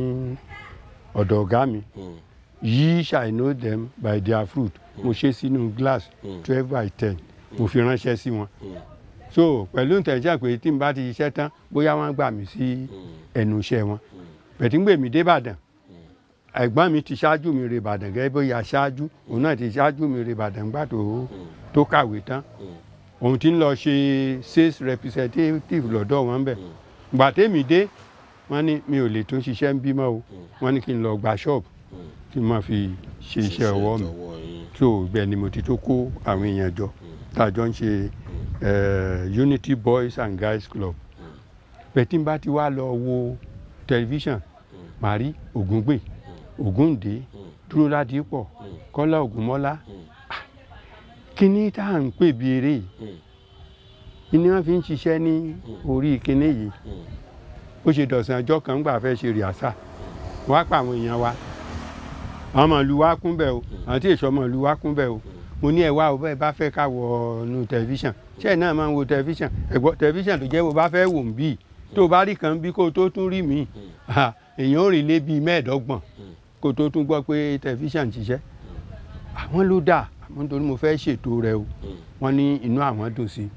ọ̀dọ̀ ọ̀gá mi hmm. ye shall know them by their fruit mo ṣe sínú glass twelve by ten mo fi ránṣẹ́ sí wọn so pẹ̀lú ìtẹ̀jẹ́ pé tí n bá ti ṣiṣẹ́ tán bóyá wọ́n gbà mí sí ẹnu iṣẹ́ wọn pẹ̀tíngbè mi dé Ìbàdàn ẹ̀gbọ́n mi ti ṣáájú mi rè Ìbàdàn gẹ́gẹ́ bóyá ṣáájú òun náà ti ṣáájú mi rè Ìbàdàn gbà tó kàwé tán òun ti ń lọ ṣe sales representative lọ́dọ̀ wọn bẹ̀ hmm. gbà tèmi dé wọ́n ní mi ò lè tún ṣiṣẹ́ ń bímọ o hmm. wọ́n ní kí n lọ gba ṣọ́ọ̀bù hmm. kí n máa fi ṣe iṣẹ́ ọwọ́ mi tó bẹ́ẹ̀ ni mo ti tó kó àwọn èèyàn jọ tá ń ṣe eh, Unity Boys and Guys Club bẹ̀tí bá ti wá lọ wo tẹlifíṣàn màrí ògúngbè ògúndé dúró ládìípọ̀ kọ́lá ògúnmọ́lá kíní tá à ń pè bí eré yìí hmm. ni wọ́n fi ń ṣiṣẹ́ ní hmm. orí kíní yìí hmm. ó ṣe dọ̀sán ọjọ́ kan gbà fẹ́ ṣe rìásà wọ́n á pa àwọn èèyàn wa àwọn màálù wa kún bẹ́ẹ̀ o àwọn tí èso màálù wa kún bẹ́ẹ̀ o mo ní ẹ wá o bẹ́ẹ̀ bá fẹ́ ká wọ ọ̀nù tẹlifíṣàn ṣé ẹ̀ náà máa ń wo tẹlifíṣàn ẹ̀gbọ́n tẹlifíṣàn tó jẹ́ bó bá fẹ́ wò ń bì tó o bá rí kan bí kó o tó tún rí mi èèyàn ò rí lé bíi mẹ́ẹ̀ẹ́dọ́gbọ̀n kó tó tún gbọ́ pé tẹlifíṣàn ṣiṣẹ́ àwọn ló dáa nítorí mo fẹ́ ṣètò rẹ o hmm. wọ́n ní inú àwọn dùn sí i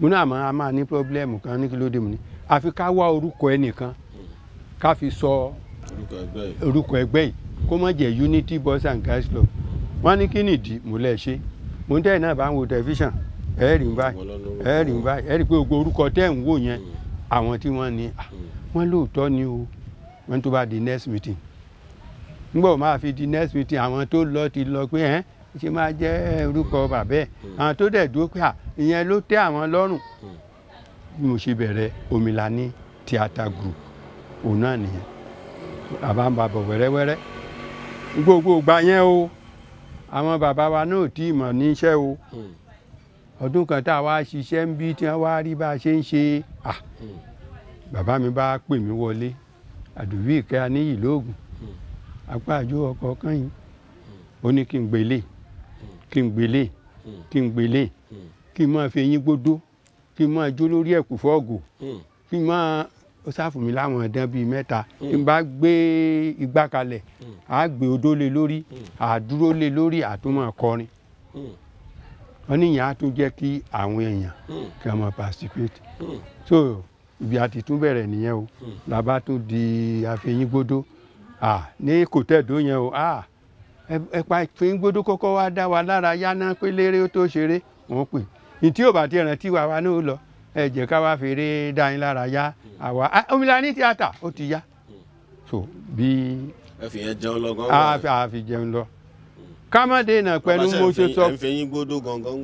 mo ní àmọ́ a máa ní pírọ́blẹ́mù kan ní kí ló dé mu ni àfi ká wá orúkọ ẹnìkan hmm. ká fi sọ orúkọ ẹgbẹ́ yìí hmm. kó mọ̀ jẹ́ Unity Boys and Guys Club wọ́n ní kí nìdí mo lẹ́ ṣe mo ń tẹ̀yìn náà bá ń wo tẹlifíṣàn ẹ̀ẹ́rì ń báyìí ẹ̀ẹ́rì ń báyìí ẹ̀ẹ́rì pé gbogbo orúkọ tẹ̀ ń wò yẹn àwọn tí wọ́n ní ah, wọ́n lóòótọ́ ni o wọ́n tó bá di next meeting nígbà wo máa fi di next meeting àwọn tó lọ ti lọ pé ẹ́ ṣe máa jẹ́ orúkọ bàbá ẹ̀ hmm. àwọn tó dẹ̀ dúró pé ìyẹn ló tẹ́ àwọn lọ́rùn hmm. bí mo ṣe bẹ̀rẹ̀ Omilani theatre group òun náà nìyẹn bàbá ń babọ̀ wẹ́rẹ́wẹ́rẹ́ gbogbo ìgbà yẹn o àwọn bàbá wa náà tí ì mọ̀ níṣẹ́ o hmm. ọdún kan tá a wá ṣiṣẹ́ ń bí tí wọ́n wá rí bá a ṣe ń ṣe à bàbá mi bá pè mí wọlé àdùbí ìkẹ́ aníyì lóògùn apá àjọ ọkọ̀ kan yìí ó ní kí n gbélé kí n gbélé kí n gbélé kí n máa fi eyín gbódó kí n máa jó lórí ẹ̀kú fọ́ọ̀gù kí n máa ó sáfún mi láwọn ẹ̀dán bíi mẹ́ta tí n bá gbé igbá kalẹ̀ á gbé odó lé lórí àdúró lé lórí àtúmọ̀ kọrin wọ́n níyàn á tún jẹ́ kí àwọn èèyàn kí wọ́n máa participate so ibi àti tún bẹ̀rẹ̀ nìyẹn o làbá tún di àfẹ́yìn gbódó à ní kòtẹ́ẹ̀dó yẹn o Ah, ẹ̀pà ìpíngbódó kọ́kọ́ wá dá wa lára yáná pé léré ó tó ṣeré wọ́n pè ní tí ò bá ti rántí wa wa náà lọ ẹ jẹ́ ká wá fèrè dá lára yá àwa omila ní tíátà ó ti yá so bí. ẹ fi yẹn jẹun lọ gángan. a fi jẹun lọ kámọ́dé náà pẹ̀lú mo ṣe sọ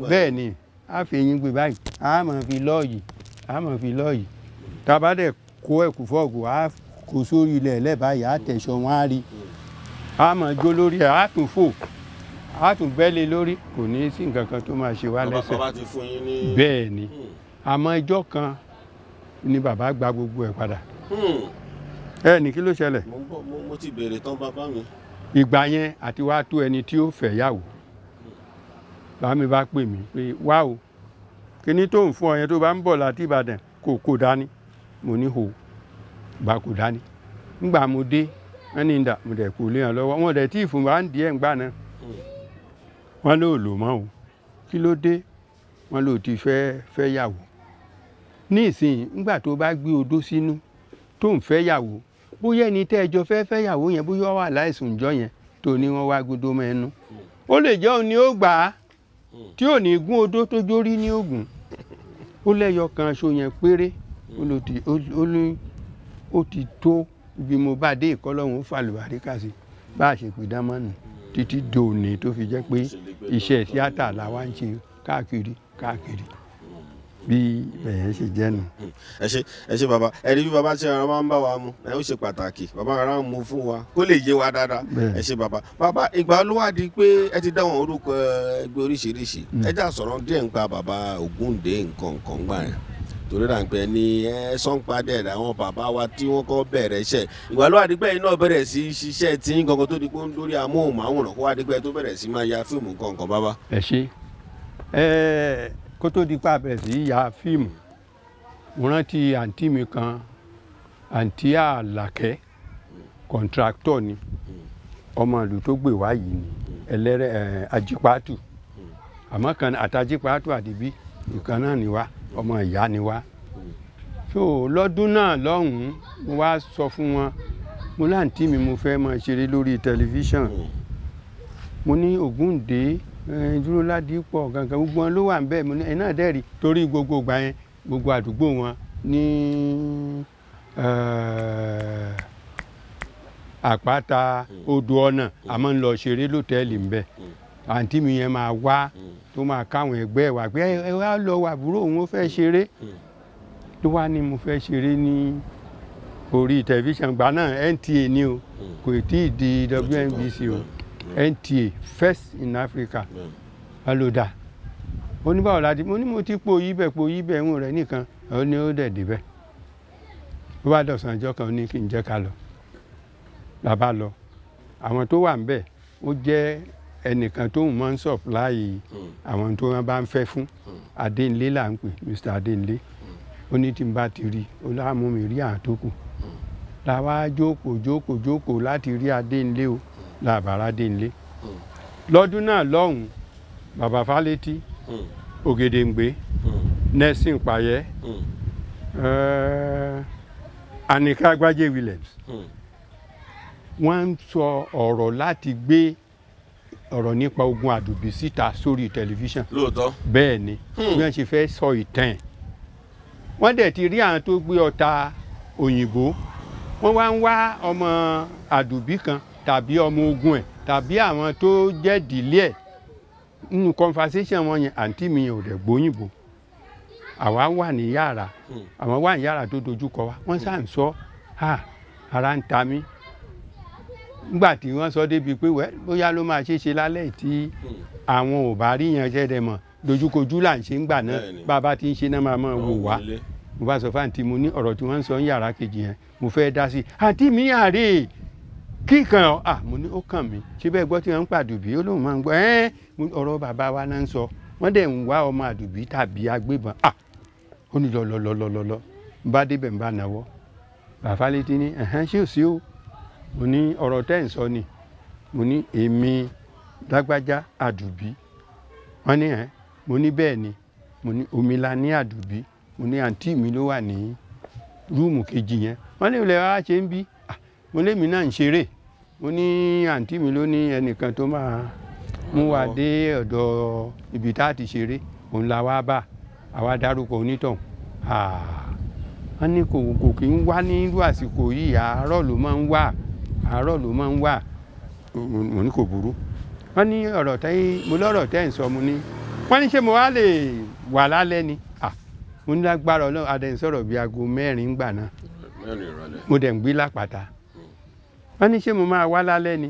bẹ́ẹ̀ ni a fi yín gbé báyìí a máa fi lọ́ọ̀yì a máa fi lọ́ọ̀yì tàbá dẹ̀ kó ẹ̀kú fọ́ọ̀gù a kò sórí ilẹ̀ ẹlẹ́bàáyà àtẹ̀sọ̀ wọn á rí a máa jó lórí ẹ̀ á tún fò á tún bẹ́lẹ̀ lórí kò ní sí nǹkan kan tó máa ṣe wá lẹ́sẹ̀ bẹ́ẹ̀ ni hmm. àmọ́ ẹjọ́ kan ni bàbá gba gbogbo ẹ̀ padà hmm. ẹ ní kí ló ṣẹlẹ̀. mo ti béèrè tán bàbá mi. ìgbà yẹn àti wàá tó ẹni tí ó fẹ́ yàwó bàbá mi bá pè mí pé wá o kíní tó ń fún ọ yẹn tó bá ń bọ̀ láti Ìbàdàn kò kò dání mo ní hò bá kò dání ngbà mo dé wọ́n ní ìdá mo dẹ̀ kú lé wọn lọ́wọ́ wọn dẹ̀ tí ì fún wa ń di ẹ̀ ń gbà náà Wọn ló lò mọ́ o kí ló dé wọ́n ló ti fẹ́ fẹ́ yàwó ní ìsìn ńgbà tó bá gbé odó sínú tó ń fẹ́ yàwó bóyá ẹni tẹ́ ẹjọ́ fẹ́ fẹ́ yàwó yẹn bóyá wà láìsùn jọ yẹn tó ní wọn wá gbódó mọ́ ẹnu ó lè jẹ́ òun ni ó gbà á tí ò ní gún odó tó jórí ní ògùn ó lẹ́yọ kan aṣọ yẹn péré ó ti tó ibi mo bá dé ìkọlọ́hún ó fàlùbáríkà sí bá a ṣe pè dámọ́nù títí dòní tó fi jẹ́ pé iṣẹ́ tíátà làwa ń ṣe káàkiri káàkiri bí bẹ̀yẹn ṣe jẹ́ nu. ẹ ṣe ẹ ṣe bàbá ẹni bí bàbá ṣe ara máa ń bá wa mu ẹ ó ṣe pàtàkì bàbá ara ń mu fún wa kó lè yé wa dáadáa ẹ ṣe bàbá bàbá ìgbà ló wá di pé ẹ ti dáwọn orúkọ ẹgbẹ́ oríṣiríṣi hmm. ẹ já sọ̀rọ̀ díẹ̀ ń pa bàbá Ògúndé nǹkan nǹkan gbà yẹn torí ráńpẹ́ ni ẹ sọ́npadẹ̀ àwọn bàbá wa tí wọ́n kọ́ bẹ̀rẹ̀ iṣẹ́ ìgbà àdìgbẹ́ yìí náà bẹ̀rẹ̀ sí ṣiṣẹ́ tí gangan tó di pé ń lórí amóhùnmáwòrán kó àdìgbẹ́ tó bẹ̀rẹ̀ sí máa ya fíìmù kankan bàbá. ẹ ṣe ẹ kó tó di pa bẹ̀rẹ̀ sí ya fíìmù mo rántí àǹtí mi kan àǹtí àlàkẹ́ kọ̀ǹtráktọ̀ ni ọmọ ìlú tó gbé wá yìí ni ẹlẹ́rẹ́ ajípàtù hmm. àmọ́ kan àtàjípàtù àdìbí ìkan náà ni wá ọmọ ìyá ni wá so lọ́dún náà lọ́hùn-ún mo wá sọ fún wọn mo láǹtí mi mo fẹ́ máa ṣeré lórí tẹlifíṣàn mo ní Ògúndé dúró ládìpọ̀ gangan gbogbo wọn ló wà níbẹ̀ mo ní ẹ̀ náà dẹ́rì torí gbogbo ìgbà yẹn gbogbo àdúgbò wọn ní àpáta odò ọ̀nà a máa ń lọ ṣeré lọ́tẹ́ẹ̀lì ńbẹ̀ àǹtí mi yẹn máa wá hmm tó máa káwọn ẹgbẹ́ ẹ̀ wá pé ẹ wá lọ wà àbúrò òun ó fẹ́ hmm. ṣeré hmm. ló wá ní mo fẹ́ ṣeré ní orí tẹlifíṣàn gbà náà NTA ni o hmm. kò tí ì di WNBC o NTA first in Africa alódà ó ní báwo láti mo ní mo ti po yíbẹ̀ po yíbẹ̀ ń rẹ̀ nìkan ó ní ó dẹ̀ débẹ̀ ó bá dọ̀sán ọjọ́ kan ó ní kí n jẹ́ ká lọ làbá lọ àwọn tó wà ń bẹ̀ ó jẹ́ ẹnìkan tóun máa ń sọ̀pláì hmm. àwọn tó wọn bá ń fẹ́ fún hmm. Adéǹlé là ń pè Mr Adéǹlé hmm. ó ní tí n bá ti rí ó láàmú mi rí àtòkù làwa jókòó jókòó jókòó láti rí Adéǹlé o làbàrà Adéǹlé lọ́dún náà lọ́hùn-ún bàbá Fálétí Ògèdèǹgbé Nelson Payẹ eh, Anika Gbájé Williams wọ́n ń sọ ọ̀rọ̀ láti gbé. Mm. Uh, ọ̀rọ̀ nípa ogun àdùbí síta sórí tẹlifíṣàn. lóòótọ́. bẹ́ẹ̀ ni hmm. bí wọ́n ṣe fẹ́ sọ ìtàn ẹ̀. wọ́n dẹ̀ ti rí àwọn tó gbé ọta òyìnbó wọ́n wá ń wá ọmọ àdùbí kan tàbí ọmọ ogun ẹ̀ tàbí àwọn tó jẹ́ ìdílé ẹ̀ nínú conversation wọn yẹn àǹtí mi yẹn ò dẹ̀ gbóyìnbó àwa wà ní yàrá hmm. àwọn wà ní yàrá tó dojú kọ wa wọ́n sá ń sọ ara ń ta mí nígbà tí wọ́n sọ débi pé wẹ́ bóyá ló máa ṣeéṣe lálẹ́ tí àwọn ò bá rí yan jẹ́dẹ̀ mọ̀ dojúkojú là ń ṣe ń gbà náà bàbá tí ń ṣe náà máa mọ̀ wò wá mo bá sọ fáǹtì mo ní ọ̀rọ̀ tí wọ́n ń sọ ń yàrá kejì yẹn mo fẹ́ dá sí i àǹtí mi àárè kíkan ọ à mo ní ó kàn mí ṣé bẹ́ẹ̀ gbọ́ tí wọ́n ń pàdùbí ó lóun máa ń gbọ́ ẹ́ ọ̀rọ̀ bàbá wa náà ń sọ wọ́n dẹ̀ ń wá ọmọ àdùbí tàbí agbébọn à ó ní lọ́lọ́lọ́lọ́lọ́ bá débẹ̀ ń bá náwó bàfálétí ní ẹ̀hẹ́n ṣé ò sí o mo ní ọ̀rọ̀ tẹ́ ń sọ ni mo ní èmi lágbájá àdùbí wọ́n ní ẹ̀ mo ní bẹ́ẹ̀ ni mo ní omila ní àdùbí mo ní àǹtí mi ló wà ní rúùmù kejì yẹn wọ́n lè lè wá ṣe ń bí mo lémi náà ń mo ní àǹtí mi ló ní ẹnìkan tó máa mú wa dé ibi tá a ti ṣeré òun la wá bá àwa dárúkọ onítọ̀hún wọ́n ní kò kì í wá àsìkò yìí àárọ̀ ló àárọ̀ ló máa ń wà mo ní kò burú wọ́n ní ọ̀rọ̀ tẹ́yìn mo lọ́rọ̀ tẹ́yìn sọ mo ní wọ́n ní ṣé mo wá lè wà lálẹ́ ni mo ní lágbára ọlọ́run adẹ́yìn sọ̀rọ̀ bíi aago mẹ́rin gbà náà mo dẹ̀ ń gbé lápáta wọ́n ní ṣé mo máa wá lálẹ́ ni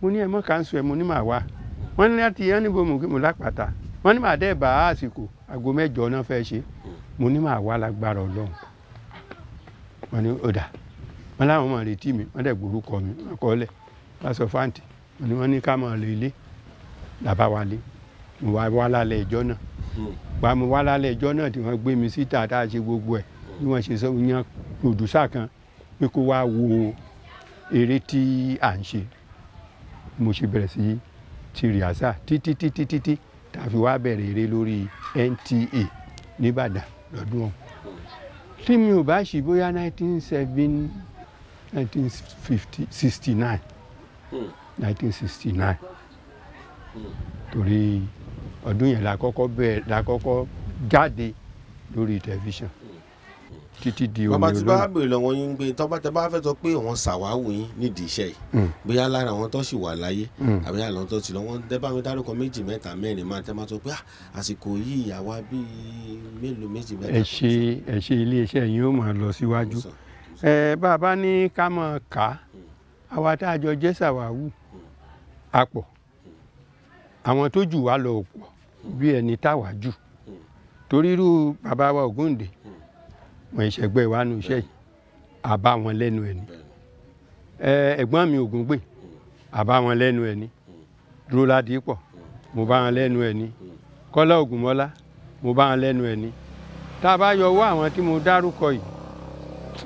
mo ní ẹ̀mọ́ kanṣu ẹ̀ mo ní màá wá wọ́n ní láti yẹn níbo mo kí mo lápáta wọ́n ní màá dẹ́ àsìkò aago mẹ́jọ náà fẹ́ ṣe mo ní màá wá lágbára ọlọ́run wọ́n ní ó dà wọn láwọn máa retí mi wọn dẹ̀ gbórúkọ mi wọn kọ́ lẹ̀ lásọ fáǹtì wọn ni wọn ní ká máa lọ ilé làbá wa lé mo wá wá lálẹ́ ìjọ náà gba mo wá lálẹ́ ìjọ náà tí wọ́n gbé mi síta tá a ṣe gbogbo ẹ̀ bí wọ́n ṣe sọ yan lòdùsá kan pé kó wá wo eré tí à ń ṣe mo ṣe bẹ̀rẹ̀ sí ti títí títí títí tá a fi wá bẹ̀rẹ̀ eré lórí NTA nìbàdàn lọ́dún ọ̀hún tí mi ò bá ṣì bóyá nineteen seven 1969 1969 hmm. hmm. torí ọdún yẹn la kọ́kọ́ bẹ̀rẹ̀ la kọ́kọ́ jáde lórí tẹlifíṣàn títí di omi olóòrùn. bàbá tí bá bèrè lọ́wọ́ yín pé tọ́ba tẹ bá fẹ́ sọ pé àwọn ṣàwáwò yín nídìí iṣẹ́ yìí hmm. bóyá lára àwọn tó ṣì wà láyé àbí àlọ́ tó ti lọ wọ́n dẹ́bà mi dárúkọ méjì mẹ́ta mẹ́rin máa tẹ́ máa sọ pé ah, àsìkò yìí àwa bíi mélòó méjì mẹ́ta. ẹ ṣe ẹ ṣe yín ó máa lọ síwájú ẹ bá a bá ní ká mọ̀ ká àwa tá a jọ jẹ́ sàwáwù àpọ̀ àwọn tó jù wá lọ pọ̀ bí ẹni táwa jù torí irú bàbá wa Ògúndé wọn ìṣẹ̀gbẹ́ wa nu iṣẹ́ yìí àbá wọn lẹ́nu ẹ̀ ni ẹ̀gbọ́n mi Ògúngbè àbá wọn lẹ́nu ẹ̀ ni Dúróládìípọ̀ mo bá wọn lẹ́nu ẹ̀ ni Kọ́lá mo bá wọn lẹ́nu ẹ̀ tá a bá yọ owó àwọn tí mo dárúkọ yìí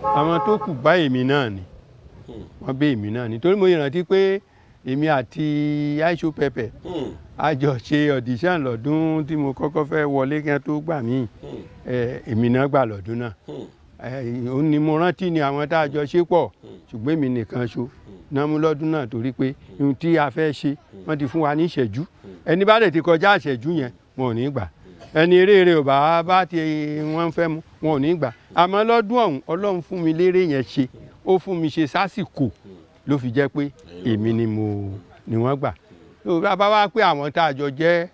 àwọn tó kù bá èmi náà ni hmm. wọ́n bá èmi náà ni torí mo rántí pé èmi àti aisho pẹpẹ hmm. a jọ ṣe audition lọ́dún tí mo kọ́kọ́ fẹ́ wọlé kí wọ́n tó gbà mí hmm. èmi náà gbà lọ́dún náà òun ni mo rántí ni àwọn tá a jọ ṣe pọ̀ ṣùgbọ́n èmi nìkan ṣo náà mú lọ́dún náà torí pé ohun tí a fẹ́ ṣe wọ́n ti fún wa ní ìṣẹ́jú ẹni bá lè ti kọjá ìṣẹ́jú yẹn wọn ò ní gbà ẹni eré rẹ ò bá bá ti wọn fẹ́ mu wọn ò ní gbà àmọ́ lọ́dún ọ̀hún Ọlọ́run fún mi lérè yẹn ṣe ó fún mi ṣe sásìkò ló fi jẹ́ pé èmi ni mo ni wọ́n gbà bá wá pé àwọn tá a jọ jẹ́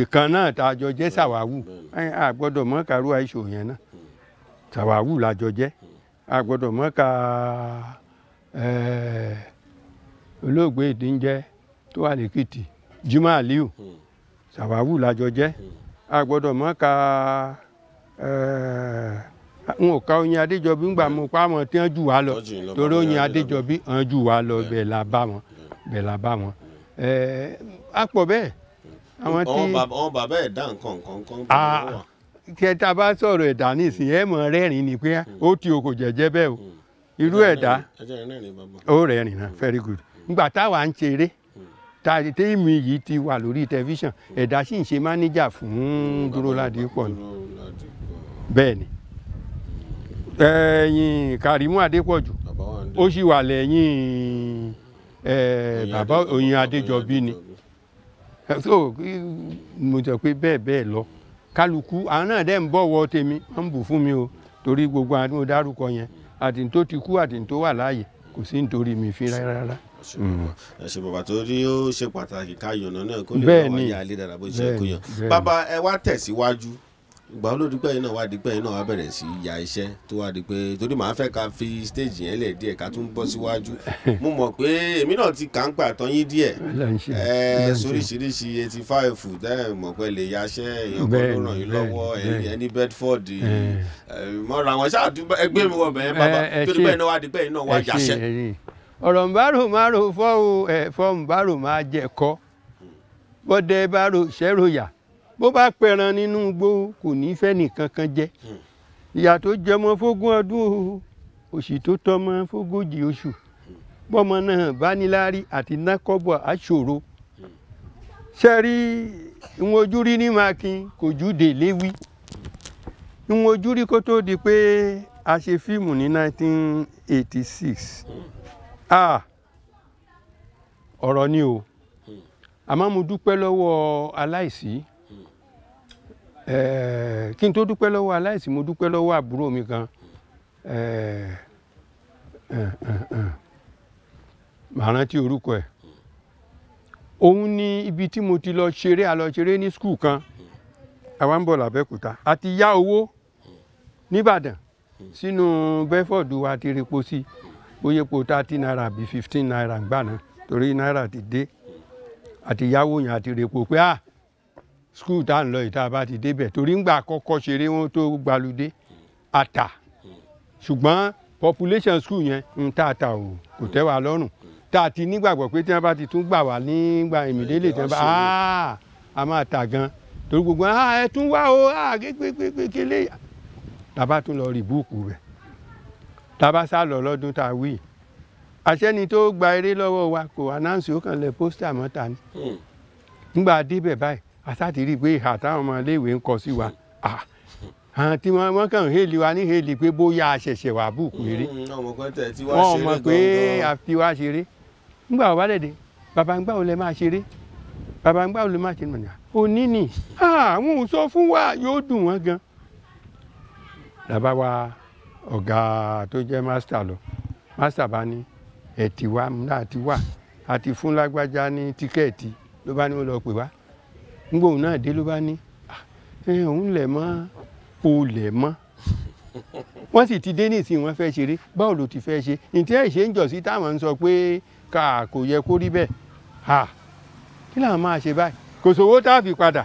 ìkan náà tá a jọ jẹ́ sàwáwù a gbọ́dọ̀ mọ́ kàrú àìṣò yẹn náà sàwáwù la jọ jẹ́ a gbọ́dọ̀ mọ́ ka olóògbé ìdíjẹ́ tó wà lẹ́kìtì Jimoh Aliu sàwáwù la jọ jẹ́ a gbọ́dọ̀ mọ́ ka eh, n ò ka oyin adéjọbí ńgbà mo pa àwọn tí wọ́n jù wá lọ torí oyin adéjọbí wọ́n jù wá lọ bẹ́ẹ̀ la bá wọn bẹ́ẹ̀ la bá wọn eh, a pọ̀ bẹ́ẹ̀ àwọn tí. ọ̀n bàbá ẹ̀ dá nǹkan nǹkan nǹkan ah, bẹ́ẹ̀ wà. kẹta bá sọ̀rọ̀ ẹ̀dá nísìn ẹ̀ mọ̀ rẹ́rìn ni pé hmm. ó ti òkò jẹ́jẹ́ bẹ́ẹ̀ o hmm. irú ẹ̀dá ó rẹ́rìn náà very good ngbà táwa ń ṣeré. tẹ́yìmì yìí ti wà lórí tẹlifíṣàn ẹ̀dá sì ń ṣe mánéjà fún Dúróládépọ̀ ni bẹ́ẹ̀ ni ẹ̀yìn Kàrímù Adépọ̀jù ó sì wà lẹ́yìn bàbá Oyin Adéjọbí ni so mo sọ pé bẹ́ẹ̀ bẹ́ẹ̀ lọ kálukú àwọn náà wọ tèmi wọ́n bù fún mi o torí gbogbo dárúkọ yẹn àti tó wà láàyè kò sí nítorí mi Mm. ṣe bàbá tó rí ó ṣe pàtàkì káyọ̀nà náà kó lè bá wáyé alẹ́ dára bó ṣe kó yàn bàbá ẹ wá tẹ̀síwájú ìgbà olódìpẹ́ yìí náà wá di yìí náà wá bẹ̀rẹ̀ sí ya iṣẹ́ tó wá di pé torí màá fẹ́ ká fi stage yẹn lẹ̀ díẹ̀ ká tún bọ́ síwájú mo mọ̀ pé èmi náà ti kà ń pa àtọ́ yín díẹ̀ ẹ sóríṣiríṣi eighty five tẹ́ ẹ mọ̀ pé lè yaṣẹ́ èèyàn kan ló ràn yín lọ́wọ́ ẹni Bedford mọ́ra wọn ṣáà ẹgbẹ́ mi wọ̀ bẹ́ẹ̀ bàbá torí pé yìí náà wá di yìí náà wá yaṣẹ́ ọ̀rọ̀ ńbárò máa rò fọ́ o ẹ̀fọ́ ńbárò máa jẹ̀kọ́ bọ́dẹ bá rò ṣẹ́ròyà bó bá pẹran nínú igbó kò ní fẹ́ nìkan kan jẹ ìyà tó jẹmọ fógún ọdún o òṣì tó tọmọ fógójì oṣù bọ́mọ náà bá àti nákọ́bọ̀ àṣòro ṣe rí rí ní makin kò júde léwí ìwọ̀n rí kó tó di pé a ṣe fíìmù ní 1986 ah ọ̀rọ̀ ni o àmọ́ mo dúpẹ́ lọ́wọ́ aláìsí kí n tó dúpẹ́ lọ́wọ́ aláìsí mo dúpẹ́ lọ́wọ́ àbúrò mi kan màá rántí orúkọ ẹ̀ òun ni ibi tí mo ti lọ ṣeré a lọ ṣeré ní skul kan àwa ń bọ̀ làbẹ́kúta a ti yá owó nìbàdàn sínú bẹ́fọ̀dù wa ti repo sí i bóyá epo thirty naira àbí fifteen naira ń gbà náà torí náírà ti dé àti yáwó yẹn àti rèpo pé ah skul tá à ń lọ ìta bá ti débẹ̀ torí ńgbà àkọ́kọ́ ṣeré wọn tó gbalùdé àtà ṣùgbọ́n population skul yẹn ń tà àtà ò kò tẹ́ wa lọ́rùn tá a ti nígbàgbọ́ pé tí wọ́n bá ti tún gbà wá nígbà ìmìlélè tí wọ́n bá ah a máa tà gan torí gbogbo ah ẹ tún wá o ah kékeré tàbá tún lọ rìbúùkù rẹ̀ tábà sá lọ lọ́dún tá a wí àṣẹni tó gba eré lọ́wọ́ wa kò anáǹsì ó kàn lẹ pósítà mọ́ta ni hmm. nígbà débẹ̀ báyìí asátìrí pé ìhà táwọn ọmọ iléèwé ń kọ sí wa àwọn tí wọ́n kàn hélì wa ní hélì pé bóyá a ṣẹ̀ṣẹ̀ wà bùkù hmm, eré hmm, wọ́n mọ̀ pé àfi wá ṣeré nígbà wà lẹ́dẹ̀ bàbá ń gbà wọlé máa ṣeré bàbá ń gbà wọlé máa ṣeré mọ̀nà òní ni àwọn ò sọ fún wa yóò dùn wọ́n gan bàbá wa ọ̀gá tó jẹ́ mástà lọ mástà bá ní ẹ̀ ti wá náà ti wá a ti fún lágbájá ní tíkẹ́ẹ̀tì ló bá ní ó lọ pè wá nígbà òun náà dé ló bá ní ẹ òun lẹ̀ mọ́ kó lẹ̀ mọ́ wọ́n sì ti dé nísìnyí wọ́n fẹ́ ṣeré báwo ló ti fẹ́ ṣe ǹtí ẹ̀ ṣe ń jọ̀sí táwọn ń sọ pé ká kò yẹ kó rí bẹ́ẹ̀ kí làwọn máa ṣe báyìí kò tá a fi padà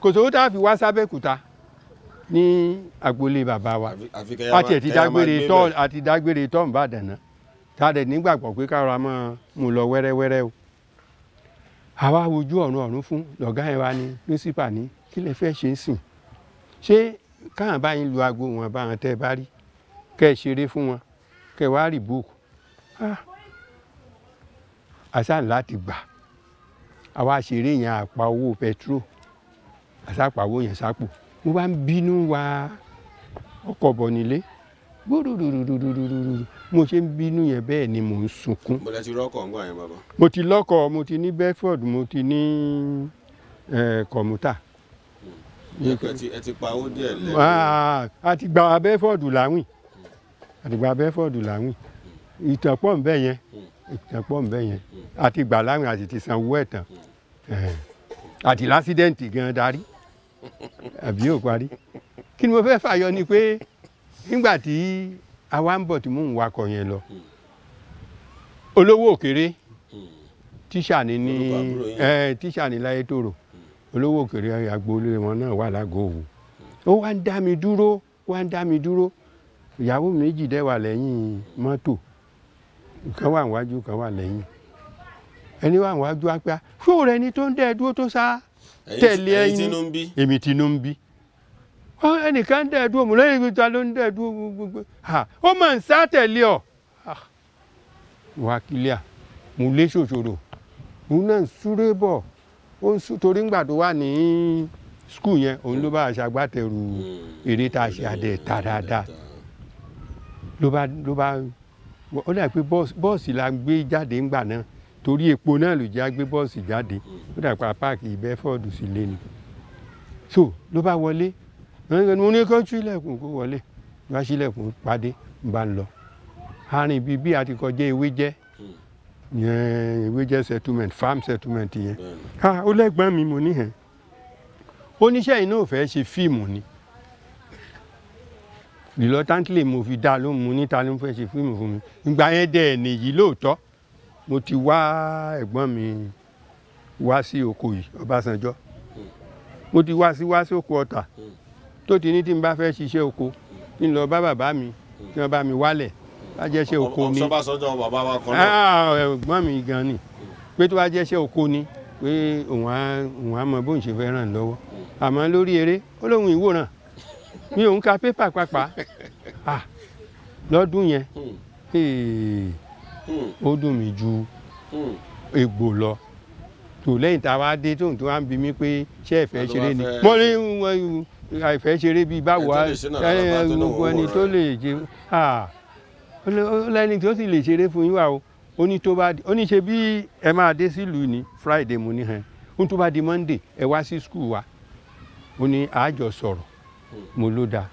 kò tá a fi wá sábẹ́kúta ní agboolé bàbá wa àti ẹ̀tì dágbére tọ́ àti dágbére tọ́ ń bá dànà tá a dẹ̀ nígbàgbọ́ pé kára máa mú lọ wẹ́rẹ́wẹ́rẹ́ o àwa wojú ọ̀run ọ̀run fún lọ̀gá ẹ̀ wa ni pírísípà ní kí lè fẹ́ ṣe é sìn ṣé káwọn báyìí lu aago wọn báwọn tẹ́ ẹ bá rí kẹ́ ẹ ṣeré fún wọn kẹ́ ẹ wá rí búùkù ah! àṣà láti gbà àwa ṣeré yẹn àpá owó pẹtrol àṣà yẹn sápò mo bá ń bínú wa ọkọ̀ bọ̀ nílé gbódòdòdòdòdòdòdò mo ṣe ń bínú yẹn bẹ́ẹ̀ ni mò ń sunkún. mo lẹ ti lọ́kọ̀ ńgbà yẹn bàbá. mo ti lọ́kọ̀ mo ti ní bedford mo ti ní kọ̀mútà. ẹ ti pa owó díẹ̀ lẹ́yìn. a ti gba bedford láwìn a ti gba bedford láwìn ìtàn pọ̀ yẹn ìtàn pọ̀ yẹn a ti gbà láwìn a sì ti sanwó ẹ̀ tán àti lásídẹ̀ǹtì gan darí àbí ò parí kí ni mo fẹ́ fàyọ ni pé nígbà tí àwa ń bọ̀ tí mò ń wakọ̀ yẹn lọ olówó òkèrè tíṣà ni ní tíṣà ni láyé tòrò olówó òkèrè agboolé wọn náà wà lágọ̀ọ́ òwò ó wá ń dá mi dúró wá ń dá mi dúró ìyàwó méjì dẹ́ wà lẹ́yìn mọ́tò kan wà níwájú kan wà lẹ́yìn ẹni wà níwájú apá fóòrè ni tó ń dẹ́ dúró tó sá tẹ̀lé ẹyin èmi tinú ń bí ẹnìkan dẹ̀ dúró mú lẹ́yìn ìgbìta ló ń dẹ̀ dúró gbogbo ó mọ̀ ń sá tẹ̀lé ọ̀ wá kílíà mo lé ṣòṣòro òun náà ń súré bọ̀ ó ń sú torí ńgbà tó wà ní skul yẹn òun ló bá aṣàgbàtẹ̀rù hmm. eré tá a ṣe àdẹ̀ ta dáadáa hmm. ló bá ló bá ó dà pé bọ́ọ̀sì la gbé jáde ńgbà náà torí epo náà ló já gbé bọ́ọ̀sì jáde ó dàgbà páàkì ìbẹ́fọ́ọ̀dù sí lé ni so ló bá wọlé mo ní kó tú ilẹ̀kùn kó wọlé bá sílẹ̀kùn pàdé ń bá ń lọ àárín bíi bí a ti kọjá ewé jẹ́ yẹn ewé jẹ́ settlement farm settlement yẹn ah, ó lẹ́gbọ́n mi mo ní hẹ́n oníṣẹ́ iná ò fẹ́ ṣe fíìmù ni reluctantly mo fi dá lóhùn mo ní ta ló ń fẹ́ ṣe fíìmù fún mi ìgbà yẹn dẹ̀ nìyí lóòótọ́ mo ti wá ẹ̀gbọ́n mi wá sí oko yìí Ọbásanjọ́ mo ti wá sí wá sí oko Ọ̀tà tó ti ní tí n bá fẹ́ ṣiṣẹ́ oko kí n lọ bá bàbá mi kí wọ́n bá mi wálẹ̀ bá jẹ́ ṣe oko ni Ọbásanjọ́ bàbá wa kan ah, náà ẹ̀gbọ́n mi gan ni pé tó bá jẹ́ ṣe oko ni pé òun á òun á mọ bóun ṣe fẹ́ ràn lọ́wọ́ àmọ́ lórí eré ó lóun ìwòran mi ò ń ka pépà pàápàá ah, lọ́dún yẹn. Hmm. Hmm. ó dùn mí ju hmm. egbò lọ tò lẹ́yìn tá a wá dé tóun tó wá ń bi mí pé ṣé ẹ̀fẹ́ ṣeré ni mo ní àìfẹ́ ṣeré bíi báwo gbogbo ẹni tó lè ṣe lẹ́ni tó sì lè ṣeré fún yín wà o ó ní tó bá ó ní ṣe bí ẹ máa dé sílùú ni Friday mo ní hàn ó ní tó bá di Monday ẹ wá sí school wa ó ní àjọ sọ̀rọ̀ hmm. mo ló dáa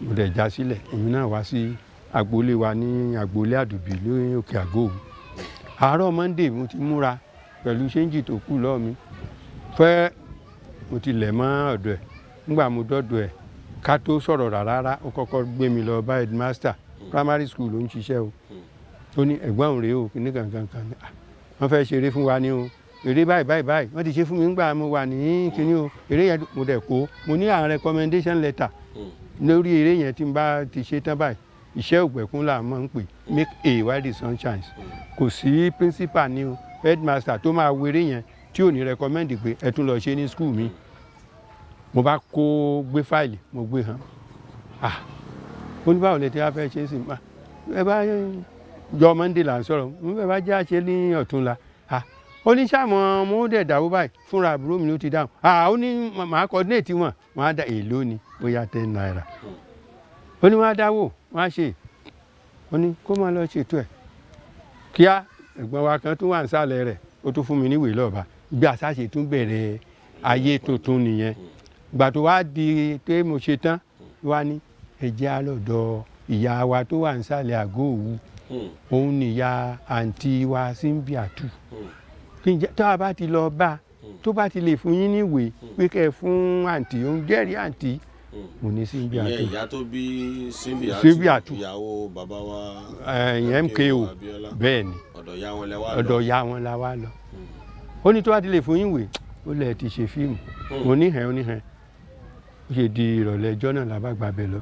mo dẹ̀ já sílẹ̀ èmi náà wá sí. Si, agboolé wa ní agboolé àdùbí lórí òkè àgọ́ òun àárọ̀ monday mo ti múra pẹ̀lú ṣéǹjì tó kù lọ́ọ̀ mi fẹ́ mo ti lẹ̀ mọ́ ọ̀dọ̀ ẹ̀ nígbà mo dọ́dọ̀ ẹ̀ ká tó sọ̀rọ̀ rárá ó kọ́kọ́ gbé mi lọ bá headmaster primary school ló ń ṣiṣẹ́ o ó ní ẹ̀gbọ́n òun rèé o ní kankan kan wọ́n fẹ́ ṣeré fún wa ní o eré báyìí báyìí báyìí wọ́n ti ṣe fún mi nígbà mo wà ní kíní o eré yẹn mo dẹ̀ kó mo ní àwọn recommendation letter hmm. lórí eré yẹn tí n bá ti ṣe tán báyìí iṣẹ́ ògbẹ̀kún là máa ń pè make a while the sun shines kò sí principal ni o headmaster tó máa wéré yẹn tí ò ní recommend pé ẹ tún lọ ṣe ní school mi mo bá kó gbé fáìlì mo gbé hàn ah ó ní báwo lè ti wá fẹ́ ṣe é sì má ẹ bá jọ monday là ń sọ̀rọ̀ ẹ bá jẹ́ àṣẹ ní ọ̀túnla ah ó ní sàmọ́ mo dẹ̀ dáwó báyìí fúnra àbúrò mi ló ti dáhùn ah ó ní màá coordinate wọn wọn á dá èlò ni ó yá ten naira ó ní wọn á dáwó wọ́n á ṣe ó ní kó máa lọ ṣètò ẹ̀ kíá ẹ̀gbọ́n wa kan tún wà nísàlẹ̀ rẹ̀ ó tún fún mi níwèé lọ́ọ̀bà gbé àṣàṣe tún bẹ̀rẹ̀ ayé tuntun nìyẹn ìgbà tó wá di pé mo ṣe tán wá ní ẹ̀jẹ̀ alọ́dọ̀ ìyá wa tó wà nísàlẹ̀ àgọ́ òwu òun nìyá àǹtí wa símbíàtù tá a bá ti lọ bá tó bá ti lè fún yín níwèé pé kẹ́ ẹ fún àǹtí òun jẹ́rìí àǹtí mo ní Simbi Atu ìyá tó bí síbíà tó ìyàwó bàbá wa MKO bẹ́ẹ̀ ni ọ̀dọ̀ ya wọn la wá lọ hmm. ó ní tó wá ti lè fún yín wè ó lẹ̀ ti ṣe fíìmù oníhẹ̀ẹ́ hmm. oníhẹ̀ẹ́ ó ṣe di ìrọ̀lẹ́ ẹjọ́ náà làbàgbà bẹ̀ lọ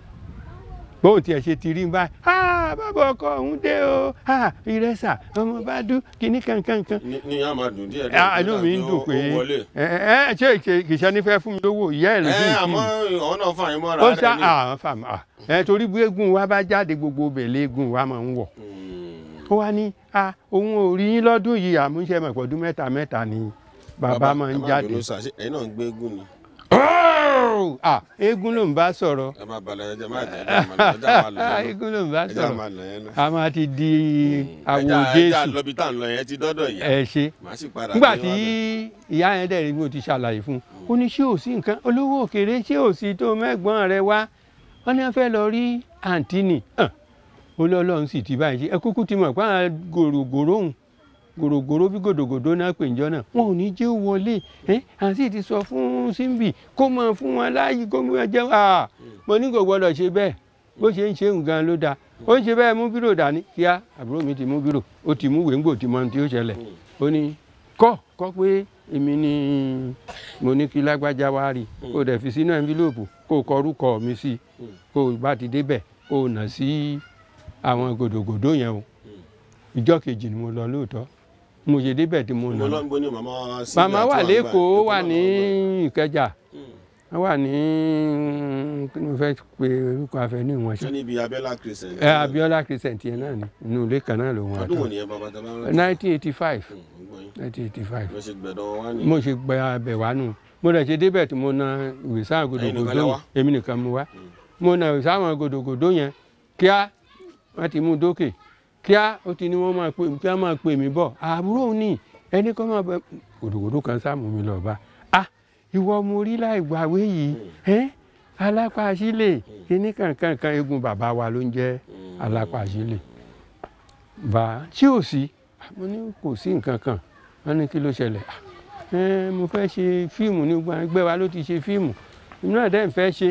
bóun tiẹ̀ ṣe ti rí n báyìí ah bàbá ọkọ òun dé o ah ìrẹsà ọmọ bá dún kíní kankankan. ní a máa dùn díẹ̀ díẹ̀ àánú mi ń dùn pé ẹ ẹ ṣé kìsẹ́ ní fẹ́ fún mi lówó ìyá ẹ̀ lọ́dún yìí. ẹ àmọ́ ọ̀nà fààyè mọ́ra rẹ ni. ó sá àwọn fàmà ẹ torí bí eégún wa bá jáde gbogbo bèlè eégún wa máa ń wọ̀ hmm. ó wá ní a òun ò rí yín lọ́dún yìí àmúṣe mọ̀pọ̀dún mẹ́ta mẹ́ta ni bàbá máa ń jáde. bàbá ẹ̀yin náà gbé eégún ni. Oh! ah eégún ló ń bá sọ̀rọ̀ ah, eégún ló ń bá sọ̀rọ̀ a máa ti di hmm. àwò jésù ẹ ṣe nígbà tí ìyá yẹn dẹ̀ rí mi ò ti ṣàlàyé fún un hmm. ó ní ṣé ò sí nǹkan olówó òkèrè ṣé ò sí tó mẹ́gbọ́n rẹ wá wọ́n ní wọ́n fẹ́ lọ rí àǹtí nì ó lọ́ọ́ lọ́ọ́ sì ti báyìí ṣe ẹ kúkú ti mọ̀ pé àwọn gòrògòrò òun gòrògòrò bí gòdògòdò náà pè njọ́ náà wọn ò ní jẹ́ wọlé àti ti sọ fún Simbi kó máa fún wọn láàyè kó máa jẹ́ à mo ní kò gbọ́dọ̀ ṣe bẹ́ẹ̀ bó ṣe ń ṣe nǹkan ló dáa ó ń ṣe bẹ́ẹ̀ mú bírò dání kíá àbúrò mi ti mú bírò ó ti mú wèéngbò tí mo ti ó ṣẹlẹ̀ ó ní kọ́ kọ́ pé èmi ni mo ní kí lágbájá wá rí kó dẹ̀ fi sínú ẹnfílóòpù kó kọ orúkọ mi sí kó bá ti débẹ̀ kó nà sí àwọn gòdògòdò yẹn o ìjọ́ kejì ni mo lọ lóòótọ́ mo ṣe débẹ̀ tí mo nà. màmá wà lẹ́kọ̀ọ́ wà ní ìkẹjà hmm. wà ní kí ni mo fẹ́ pe orúkọ afẹ́ ní ìwọ̀n ṣe. ṣé níbi abiola crescent. ẹ abiola crescent yẹn náà ni inú ilé kan náà ló wọn. ọdún wo ni ẹ bàbá tàbá rẹ. nineteen eighty five. Hmm, nineteen eighty five. mo ṣe gbẹ̀dọ̀ wá ní. mo ṣe gbẹ abẹ wá nù mo dẹ̀ ṣe débẹ̀ tí mo na ìwé sáà gòdògòdò èmi nìkan mo wá hmm. mo na ìwé sáà gòdògòdò yẹn kíá wọ́n ti mú dókè kíá ó ti ní wọ́n máa pè mí kíá máa pè mí bọ̀ àbúrò ní ẹni kan máa bẹ òdòdó kan sáà mú mi lọ bá a ah, ìwọ mo rí láì gbàwé yìí ẹ alápàṣílè hmm. kíní kankan kan eégún bàbá wa ló ń jẹ hmm. alápàṣílè bá a tí ò sí ah, mo ní kò sí nǹkan kan ní kí ló ṣẹlẹ̀ ah, mo fẹ́ ṣe fíìmù ní gbọ́n ẹgbẹ́ wa ló ti ṣe fíìmù inú ẹ̀dẹ́ ń fẹ́ ṣe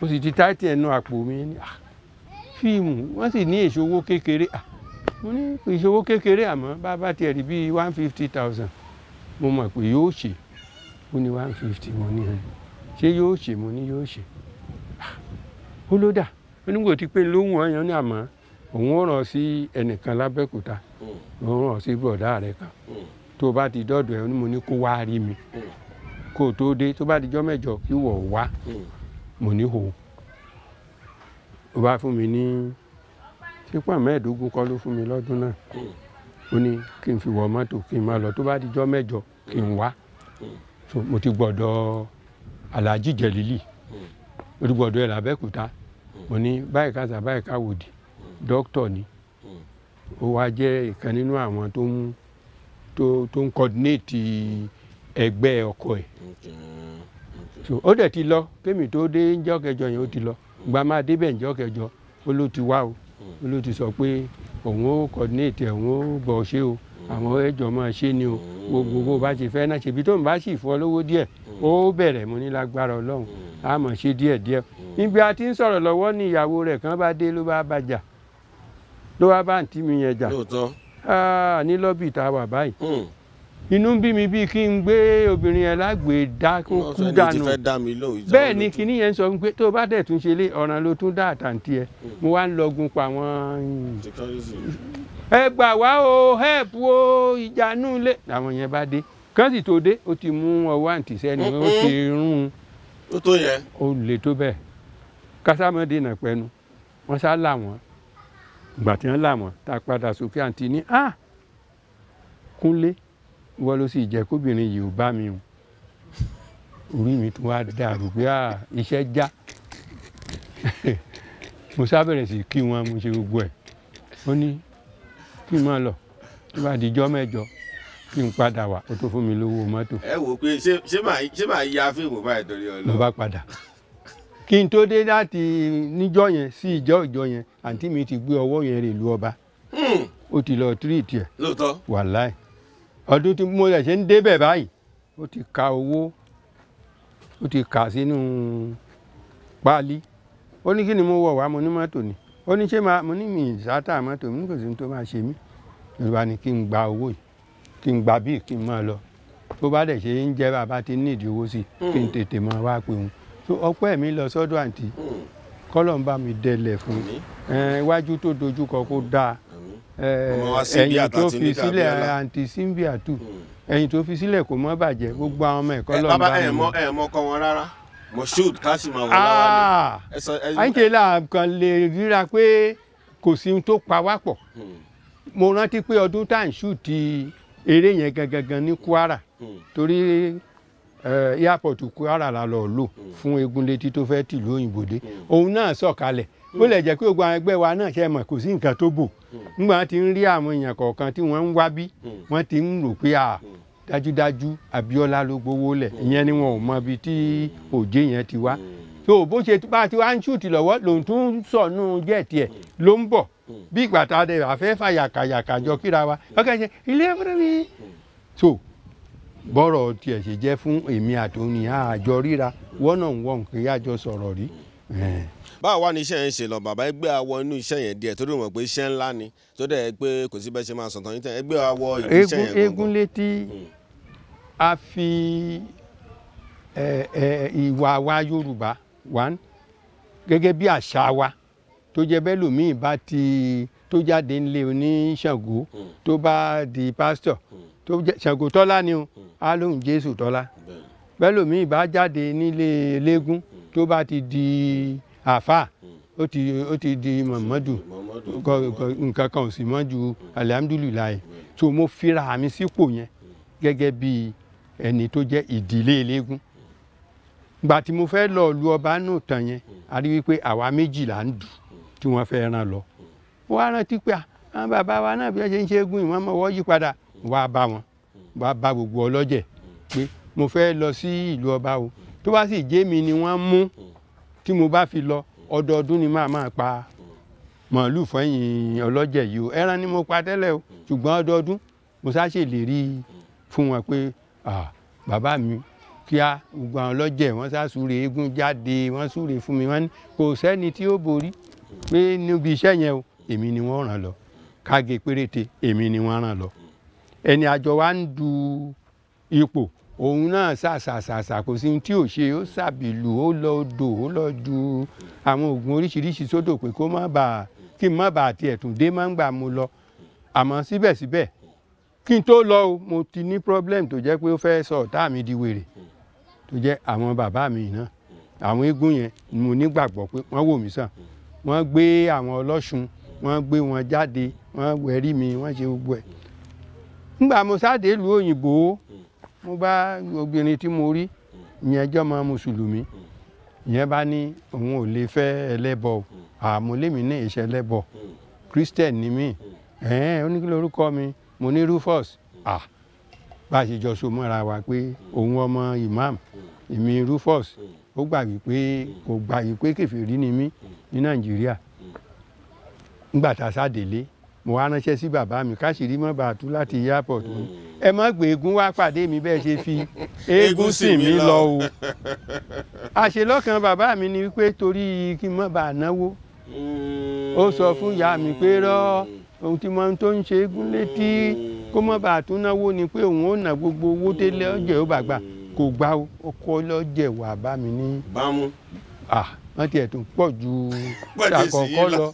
mo sì ti táìtì ẹnu àpò mi ní fíìmù wọ́n sì ní èso owó kékeré mo ní èso owó kékeré àmọ́ bàbá tiẹ̀ rí bíi one fifty thousand mo mọ̀ pé yóò ṣe ó ní one fifty mo ní ẹ ṣé yóò ṣe mo ní yóò ṣe ó ló dà onígbò tí pé lóhùn ọyàn ní àmọ́ òun ó ràn sí ẹnìkan lábẹ́kúta hmm. òun ràn sí bọ̀dá rẹ kan hmm. tó bá ti dọ́dọ̀ ẹ mo ní kó wá rí mi hmm. kó o tó dé tó bá ti jọ́ mẹ́jọ kí wọ́n wá mo ní hò ó ó bá fún mi ní sípà mẹ́ẹ̀ẹ́dógún kọ́ ló fún mi lọ́dún náà ó ní kí n fi wọ mọ́tò kí n máa lọ tó bá dijọ́ mẹ́jọ kí n wá so mo ti gbọ́dọ̀ alhaji jẹ̀lílì mo ti gbọ́dọ̀ ẹ̀ làbẹ́kúta mo ní báyìí kásá báyìí káwòdì dókítọ̀ ni ó wá jẹ́ ìkan nínú àwọn tó ń tó tó ń coordinate ẹgbẹ́ ọkọ ẹ̀ so ó dẹ̀ ti lọ kémi tó dé ń jọ́ kẹjọ yẹn ó ti lọ gba máa débẹ̀ ǹjọ́ kẹjọ ó ti wá o ó ti sọ pé òun ó coordinate òun ó bọ̀ ṣe o àwọn ẹjọ́ máa ṣe ni o gbogbo bó bá ti fẹ́ náà ṣèbí tó ń bá sì fọ́ lówó díẹ̀ ó bẹ̀rẹ̀ mo ní lágbára ọlọ́run á mọ̀ ṣe díẹ̀ díẹ̀ níbi a ti ń sọ̀rọ̀ lọ́wọ́ ni ìyàwó rẹ̀ kan bá dé ló bá bàjà ló bá bá àǹtí mi yẹn jà ní lọ́bì tá a wà báyìí hmm inú ń bí mi bíi kí n gbé obìnrin yẹn lágbè dá kó kú dànù bẹ́ẹ̀ ni kinní yẹn ń sọ pé tó bá dẹ̀ tún ṣe lé ọ̀ràn ló tún dá àtàǹtí ẹ mm. mo wá ń lọgun pa àwọn. Mm. ẹ gbà wá o help o ìjànú lé àwọn yẹn bá dé kán sì tó dé ó ti mú ọwọ́ àǹtí sẹ́ni ó ti rún un. ó lè tó bẹ́ẹ̀ kásámọ́dé nà pẹ́nu wọ́n sá là wọ́n gbàtí wọ́n là wọ́n tá a padà sókè àǹtí ní à ah! kúnlé wọ́n ló sì jẹ́ kóbìnrin yìí ò bá mi o orí mi tún wá dàrú pé ah, iṣẹ́ já mo sábẹ̀rẹ̀ sí kí wọn mo ṣe gbogbo ẹ̀ ó ní kí n máa lọ tó bá di jọ́ mẹ́jọ kí n padà wá ó tó fún mi lówó mọ́tò. ẹ wò pé ṣé màá ya fíìmù báyìí torí Ọlọ́run. mo bá padà kí n tó dé láti níjọ́ yẹn sí ìjọ ìjọ yẹn àǹtí mi ti gbé ọwọ́ yẹn rè lu ọba hmm. ó ti lọ tírìtì ẹ̀. lóòótọ́ wàláì ọdún tí mo ṣe ń débẹ̀ báyìí ó ti ka owó ó ti kà sínú páálí ó ní kí ni mo wọ̀ wá mo ní mọ́tò ni ó ní ṣé máa mo ní mi ìsátà mọ́tò mi kò sí ní tó máa ṣe mí ìrora ni kí n gba owó yìí kí n gba bíi kí n máa lọ tó bá dẹ̀ ṣe ń jẹ́ bàbá ti ní ìdí owó sí kí n tètè máa wá pé òun so ọpẹ́ mi lọ sọ́dọ̀ àǹtí kọ́lọ̀ ń bá mi dẹlẹ̀ fún iwájú tó dojúkọ kó dáa ẹ̀yìn tó fi sílẹ̀ àǹtí Cynthia tù hmm. ẹ̀yìn tó fi sílẹ̀ kò mọ́ bàjẹ́ gbogbo àwọn ọmọ ẹ̀kọ́ lọ́nà bá wọn. bàbá ẹ̀ mọ́ kọ́ wọn rárá Moshood kásìmọ̀ wọn ah! láwa ni. àǹtẹ̀lá kan lè ríra pé kò sí ohun tó pa wá pọ̀ hmm. mo rántí pé ọdún tá à ń ṣùtì eré yẹn gangan ní Kwara hmm. torí airport Kwara la lọ lò fún Egunleti tó fẹ́ tìlú òyìnbó dé òun náà sọ̀kalẹ̀ ó lè jẹ́ pé gbogbo àwọn ẹgbẹ́ wa náà ṣe mọ̀ kò sí nǹkan tó bò nígbà tí ń rí àwọn èèyàn kọ̀ọ̀kan tí wọ́n ń wá bí hmm. wọ́n ti ń rò pé à hmm. dájúdájú Abíọ́lá ló gbowó lẹ̀ hmm. ìyẹn ni wọn ò mọ ibi tí òjé yẹn ti wá tó bó ṣe bá ti wá ń ṣùtì lọ́wọ́ lòun tún ń sọ̀nù jẹ́ẹ̀tì ẹ̀ ló ń bọ̀ bí ìgbà tá a dẹ̀ àfẹ́ fà yàkàyàkà jọ kíra wa ọkẹ́ ṣe ilé ẹ̀fọ́rẹ́ mi. tó bọ́rọ̀ tiẹ̀ ṣe jẹ́ fún èmi àtòun ni àjọ ríra wọ́n náà ń wọ̀ nǹkan yá sọ̀rọ̀ rí báwo wá ní iṣẹ́ yẹn ṣe lọ bàbá ẹgbẹ́ awọ inú iṣẹ́ yẹn díẹ̀ torí mọ̀ pé iṣẹ́ ńlá ni tó dẹ̀ pé kò sí bẹ́ẹ̀ ṣe máa sọ̀tàn yín tẹ́ ẹgbẹ́ awọ iṣẹ́ yẹn. eégún létí hmm. a fi ìwà wa Yorùbá one gẹ́gẹ́ bí àṣà wa tó jẹ́ bẹ́ẹ̀ lòmíì bá ti tó jáde ńlé oníṣàngó hmm. tó bá di pásítọ̀ hmm. tó jẹ́ ṣàngó tọ́lá ni o á lóhùn Jésù tọ́lá bẹ́ẹ̀ lòmíì bá jáde nílé eléégún tó bá ti di àfa hmm. ó ti ó ti di Muhammadu nǹkan kan ò sì mọ́ ju hmm. alihamudulilayi tó hmm. mo fira mi sípò yẹn gẹ́gẹ́ bí ẹni tó jẹ́ ìdílé eléégún gbà tí mo fẹ́ lọ lu ọba náà tán yẹn a rí wípé àwa méjìlá ń dù tí wọ́n fẹ́ ràn lọ wọ́n á rántí pé àwọn bàbá wa náà bí wọ́n ṣe ń ṣe é ìwọ́n mọ̀ wọ́n yí padà wọ́n á bá wọn wọ́n á bá gbogbo ọlọ́jẹ̀ pé mo fẹ́ lọ sí ìlú ọba o tó bá sì jẹ́ mi ni wọ́n mú tí mo bá fi lọ ọdọọdún ni màá máa pa màálù fẹ́yìn ọlọ́jẹ̀ yìí o ẹran ni mo pa tẹ́lẹ̀ o ṣùgbọ́n ọdọọdún mo ṣáṣe lè rí i fún wọn pé bàbá mi kíá gbogbo àwọn ọlọ́jẹ̀ wọ́n ṣàṣùrè eégún jáde wọ́n ṣùrè fún mi wọ́n ní kò sẹ́ni tí ó borí pé níbi iṣẹ́ yẹn o èmi ni wọ́n ràn lọ káge péréte èmi ni wọ́n ràn lọ ẹni àjọ wa ń du ipò òun náà ṣàṣàṣàṣà kò sí tí ò ṣe ó ṣàbìlù ó lọ odò ó lọ ju àwọn oògùn oríṣiríṣi sódò pé kó má bàa kí n má bàa tiẹ̀ tún dé má ń gbà mo lọ àmọ́ síbẹ̀síbẹ̀ kí n tó lọ o mo ti ní problem tó jẹ́ pé ó fẹ́ sọ ọ̀tá mi di wèrè tó jẹ́ àwọn bàbá mi náà àwọn eégún yẹn mo nígbàgbọ́ pé wọ́n wò mí sàn wọ́n gbé àwọn ọlọ́ṣun wọ́n gbé wọn jáde wọ́n wẹ̀rí mi wọ́n ṣe gbogbo ẹ̀ ńgbà mo sáde ìlú òyìnbó mo bá obìnrin tí mo rí ìyẹn jẹ́ ọmọ mùsùlùmí ìyẹn bá ní òun ò lè fẹ́ ẹlẹ́bọ àmúlémi ní ìṣẹ́ ẹlẹ́bọ christian ni mí ẹ̀ẹ́n oníkìlọ̀ orúkọ mi mo ní rufus ah bá a ṣe jọ so mọ́ra wa pé òun ọmọ imam èmi rufus ó gbà wípé kò gbà wípé kèfèrí ni mí ní nàìjíríà ńgbà tá a sá délé mo wá ránṣẹ́ sí bàbá mi káṣírí mọ́ bàtú láti airport mi mm. ẹ má gbé eégún wá pàdé mi bẹ́ẹ̀ ṣe fi eégún sìn mí lọ o àṣelọ́kan bàbá mi ni wípé torí kí n má bàa náwó mm. ó sọ fún ìyá mi pé rọ ohun tí mo tó ń ṣe eégún létí mm. kó má bàa tún náwó ni pé òun ó ná gbogbo owó délé ọjọ́ ó bàgbà kò gbà ó lọ́jẹ̀ wà bá mi ní. bámu. ah wọ́n tiẹ̀ tún pọ̀ ju àkọ́kọ́ lọ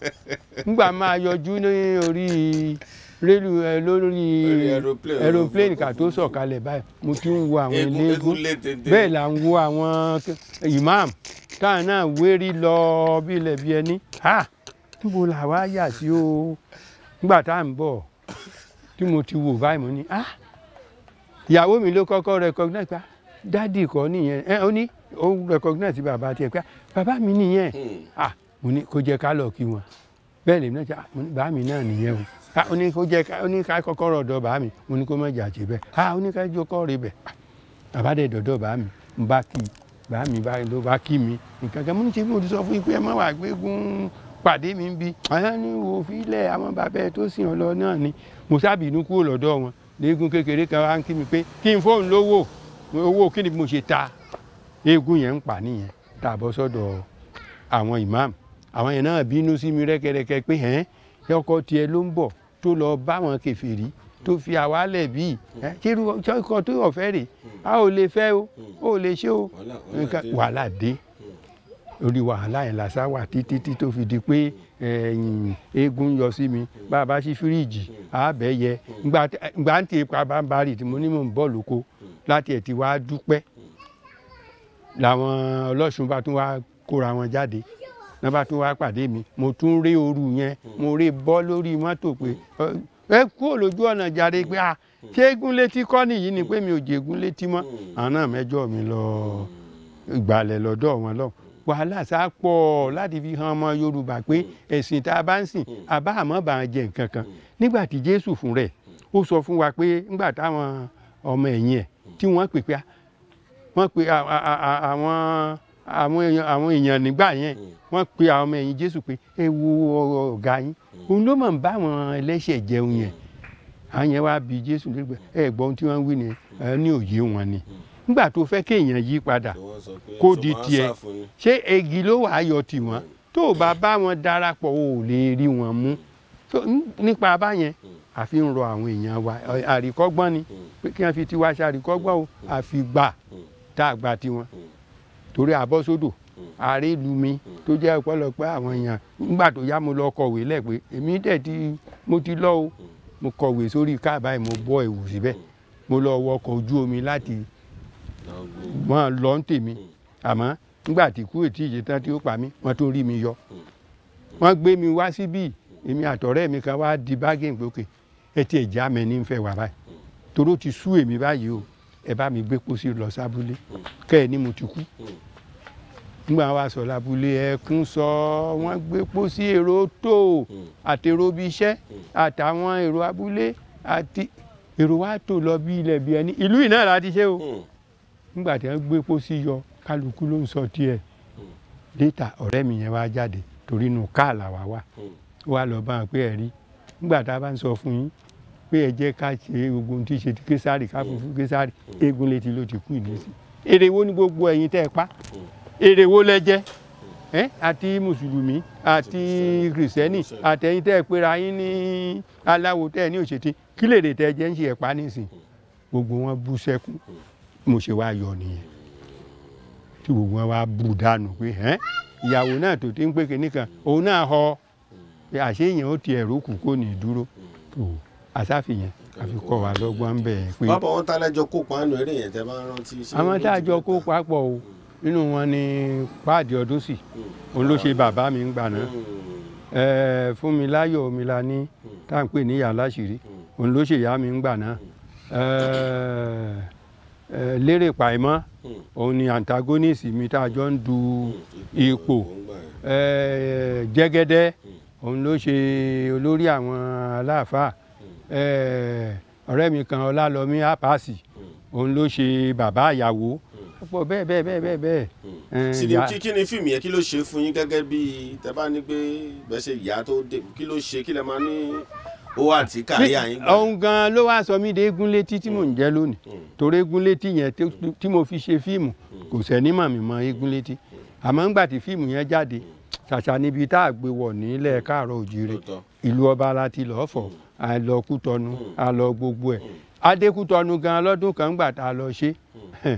nígbà máa yọjú ní orí rélù ẹ lórí aeroplane ká tó sọ̀kalẹ̀ báyìí mo ti ń wo àwọn eléégún bẹ́ẹ̀ là ń wo àwọn imam táwọn náà wérí lọ bí ilẹ̀ bí ẹni ha níbo là wá yà sí o nígbà tá à ń bọ̀ tí mo ti wò báyìí mo ní ah ìyàwó mi ló kọ́kọ́ rẹ̀ kọ́ nípa dádì kọ́ nìyẹn ẹ ó ní ó recognize bàbá tiẹ̀ pé bàbá mi nìyẹn ah mo ní kó jẹ́ ká lọ kí wọn bẹ́ẹ̀ lèmi náà ti ah bàá mi náà nìyẹn o ah ó ní kó jẹ́ ká ó ní ká kọ́kọ́ rọ̀ ọ̀dọ̀ bàá mi mo ní kó má jà jẹ́ bẹ́ẹ̀ ah ó ní ká jókòó rè bẹ́ẹ̀ bàbá dẹ̀ dọ̀dọ̀ bàá mi ń bá kí bàá mi ló bá kí mi nǹkan kan mo ní ṣe bí mo ti sọ fún yín pé ẹ má wàá gbégún pàdé mi ń bi àwọn wo fílẹ̀ àwọn bàbá ẹ tó sìn ọ lọ náà ni mo sábìínú kúrò lọ́dọ̀ wọn léegun kékeré kan wá ń kí mi pé kí n fóun lówó owó kí ni mo ṣe ta eégún yẹn ń pa nìyẹn tá a bọ́ sọ́dọ̀ àwọn imam àwọn yẹn náà bínú sí mi rẹ́kẹrẹ́kẹ pé ẹ̀ ọkọ tiẹ̀ ló ń bọ̀ tó lọ báwọn kèfèrí tó fi àwálẹ̀ bíi ẹ kírú ọkọ tó ọ̀fẹ́ rè a ò lè fẹ́ o ò lè ṣe o wàhálà dé orí wàhálà yẹn làṣà wà títí tí tó fi di pé eégún yọ sí mi bàbá sí fíríìjì àbẹ̀yẹ ngbà ń tè bá ń bá rì mo ní mò ń bọ̀ lóko láti ẹ̀ ti wá dúpẹ́ làwọn ọlọ́sùn bá tún wá kóra wọn jáde náà bá tún wá pàdé mi mo tún rí ooru yẹn mo rí bọ́ lórí mọ́tò pé ẹ kúrò lójú ọ̀nà jàre pé ah ṣé Egúnlétí kọ́ nìyí ni pé mi ò jẹ Egúnlétí mọ́ àwọn náà mẹ́jọ mi lọ ìgbàlẹ̀ lọ́dọ̀ wọn lọ wàhálà sá pọ̀ láti fi hàn ọmọ Yorùbá pé ẹ̀sìn tá a bá ń sìn àbá àmọ́ bá ń jẹ nǹkan kan nígbà tí Jésù fún rẹ̀ ó sọ fún wa pé ńgbà táwọn ọmọ ẹ̀yìn ẹ̀ tí wọ́n pè pé ah wọ́n pe àwọn àwọn èèyàn àwọn èèyàn nígbà yẹn hmm. wọ́n pe àwọn ọmọ ẹ̀yìn Jésù pé ẹ wo ọ̀rọ̀ ọ̀gá yín hmm. òun ló mọ̀ ń bá àwọn ẹlẹ́ṣẹ̀ jẹun yẹn hmm. àwọn yẹn wá bi Jésù lẹ́gbẹ̀ ẹ gbọ́ ohun tí wọ́n ń wí ni ẹ ní òye wọn ni nígbà tó fẹ́ kéèyàn yí padà kó di tiẹ̀ ṣé egi ló wàá yọ tiwọn tó o bá bá wọn darapọ̀ o ò lè rí wọn mú nípa báyẹn àfi rọ àwọn èèyàn wa àríkọ́gbọ́n ni kí wọ́n fi tiwa ṣe àríkọ́gbọ́n o àfi gbà tá a gba tiwọn torí abọ́sódò àrélumi tó jẹ́ ọ̀pọ̀lọpọ̀ àwọn èèyàn nígbà tó yá mo lọ kọ̀wé lẹ̀ èmi dẹ̀ ti mo ti lọ o mo kọ̀wé sórí káàbáyé mo bọ́ ẹ̀wù síbẹ̀ mo lọ wọkọ̀ ojú omi láti wọn lọ ń tèmi àmọ́ nígbà tí kú ètí ìjẹ tán tí ó pa mí wọ́n tó rí mi yọ wọ́n gbé mi wá síbí èmi àtọ̀rẹ́ mi kan wá di bágẹ̀ gbòkè ẹ ti ẹ̀ já mẹ́ni ń fẹ́ wà báyìí toró ti sú èmi báyìí o ẹ bá mi gbé pósí lọ sábúlé kẹ́ ẹ ní mo ti kú nígbà wa sọ lábúlé ẹkún sọ wọ́n gbé pósí èrò tó àtèrò bí iṣẹ́ àtàwọn èrò abúlé àti èrò wa tó lọ bí ilẹ̀ bí ẹni ìlú yìí náà láti ṣe o nígbà tí wọ́n gbé pósí yọ kálukú ló ń sọ tiẹ̀ déta ọ̀rẹ́ mi yẹn wá jáde torí inú káàlà wa wà ó wá lọ bá wọn pé ẹ rí nígbà tá a bá ń sọ fún yín pé ẹ jẹ́ ká ṣe gbogbo ohun tí ṣe késàrì ká fún fún késàrì mm. mm. eégún létí ló ti kú ìnísí èrè ni gbogbo ẹ̀yin tẹ́ ẹ pa mm. èrè wo lẹ jẹ ẹ àti mùsùlùmí àti kìrìsẹ́nì àtẹ̀yin tẹ́ ẹ pera yín ní aláwo tẹ́ ẹ ní òṣètì kí lèrè tẹ́ ẹ jẹ́ ń ṣe ẹ̀pá nísìn gbogbo wọn bú sẹ́kù mo ṣe wá yọ nìyẹn tí gbogbo wọn wá bú dànù pé ẹ ìyàwó náà tó ti ń pé kinní òun náà họ àṣé èèyàn ó ti ẹ̀rú kù kó ní dúró àsáfì yẹn àfikọ́ wa lọ́gbọ́n bẹ́ẹ̀ pé. bàbá wọn tálẹ́ jọ kópa nínú eré yẹn tẹ́ bá ń rántí. àwọn tá a jọ kópa pọ̀ o nínú wọn ni páàdì ọdún sì hmm. òun ló ṣe ah. bàbá mi ń gbà náà hmm. fún mi láyọ̀ mi la ní hmm. tá à ń pè ní ìyá láṣìírí òun ló ṣe ìyá mi ń gbà náà lérè pàìmọ́ òun ni antagonist mi tá a jọ ń du ipò jẹ́gẹ́dẹ́ òun ló ṣe olórí àwọn aláàfáà ọ̀rẹ́ mi kan ọlálọ́mí àpáàsì òun ló ṣe bàbá ìyàwó pọ̀ bẹ́ẹ̀ bẹ́ẹ̀ bẹ́ẹ̀ bẹ́ẹ̀ bẹ́ẹ̀. sì ni kí kí ni fíìmù yẹn kí ló ṣe fún yín gẹ́gẹ́ bí tẹ́bá ní pé bẹ́ẹ̀ ṣe ìyá tó dé kí ló ṣe kí lẹ máa ní owó àti káyà yín. òun gan ló wá sọ mí de eégún létí tí mò ń jẹ́ lónìí hmm. Hmm. torí eégún létí yẹn tí mo fi ṣe fíìmù hmm. kò sẹ́ni mà mí mọ eégún létí àmọ́ ńgbà tí fíìmù yẹn jáde ṣàṣà níbi tá a gbé wọ̀ nílẹ̀ káàárọ̀ òjire a lọ gbogbo ẹ̀ adékútọ̀nù gan lọ́dún kan gbà tá a lọ ṣe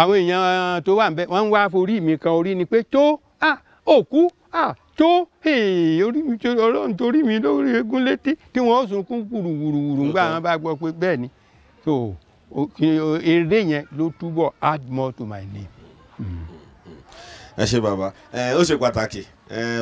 àwọn èèyàn tó wà nbẹ wọ́n wá forí mi kan orí ni pé tó à òkú à tó orí mi ọlọ́run torí mi lórí eégún létí tí wọ́n sunkún wùrùwùrù ńgbà wọn bá gbọ́ pé bẹ́ẹ̀ ni so eré yẹn ló túbọ̀ add more to my name. Hmm. ẹ ṣé bàbá ó ṣe pàtàkì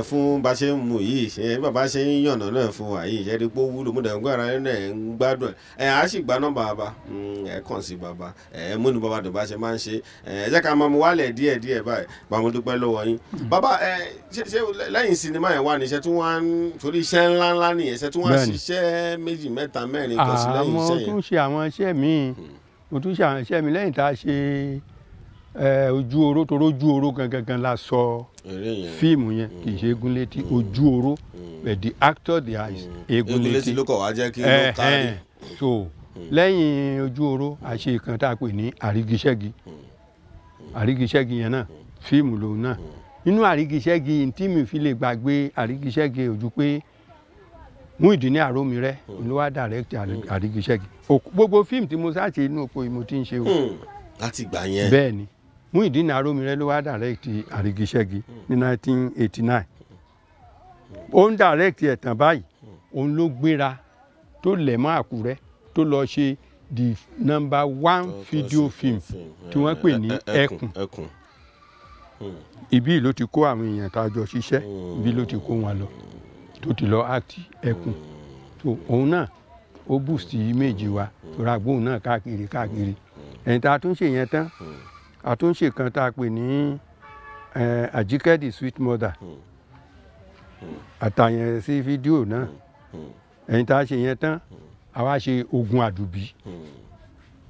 fún bá ṣe ń mu yìí ṣe bàbá ṣe ń yànnà náà fún wa yìí ṣe rí pé ó wúlò mú dàgbà ara ẹ̀ náà ń gbádùn ẹ̀ á sì gba nọ́mbà bàbá hmm, ẹ̀ kàn sí bàbá ẹ̀ múnú bàbá dùn bá ṣe máa ń ṣe ẹ̀ jẹ́ ká máa mu wálẹ̀ díẹ̀ díẹ̀ báyìí bá mo dúpẹ́ lọ́wọ́ yín. Hmm. bàbá ẹ ṣe ṣe lẹ́yìn sinimá yẹn wà ní iṣẹ́ tí wọ́n ń torí iṣẹ́ ńlá ńlá nìyẹn iṣẹ́ tí wọ́n ń ṣiṣẹ́ méjì mẹ́ta mẹ́rin fíìmù yẹn kì í ṣe mm. egun létí mm. ojú oró mm. but the actor the eyes egun létí ló kọ̀ wá jẹ́ kí ló kárí. so lẹ́yìn ojú oró a ṣe tá a pè ní àrígiṣẹ́gi àrígiṣẹ́gi yẹn náà fíìmù lòun náà nínú àrígiṣẹ́gi tí mi fi lè gbàgbé àrígiṣẹ́gi ojú pé Muyideen Aromire ló wá direct àrígiṣẹ́gi gbogbo fíìmù tí mo sáà ṣe inú oko yìí mo ti ń ṣe o. láti gbà yẹn bẹ́ẹ̀ Muyideen Aromire ló wá direct Àrígiṣẹ́gi ní 1989 ó ń direct ẹ̀tàn báyìí òun ló gbéra tó lẹ̀ mọ́ Àkúrẹ́ tó lọ ṣe the number one video film tí wọ́n pè ní ẹkùn hmm. ibi ló ti kó àwọn èèyàn tá a jọ ṣiṣẹ́ hmm. ibi ló ti kó wọn lọ tó ti lọ act ẹkùn tó òun náà ó boost image wa hmm. tó gbóhùn náà káàkiri káàkiri ẹni tá a ṣe yẹn tán àtúnṣe kan tá a pè ní Àjíkẹ́ the sweet mother hmm. Hmm. àtàyàn sí fídíò náà hmm. ẹ̀yìn tá a ṣe yẹn tán a wá ṣe ogun àdùbí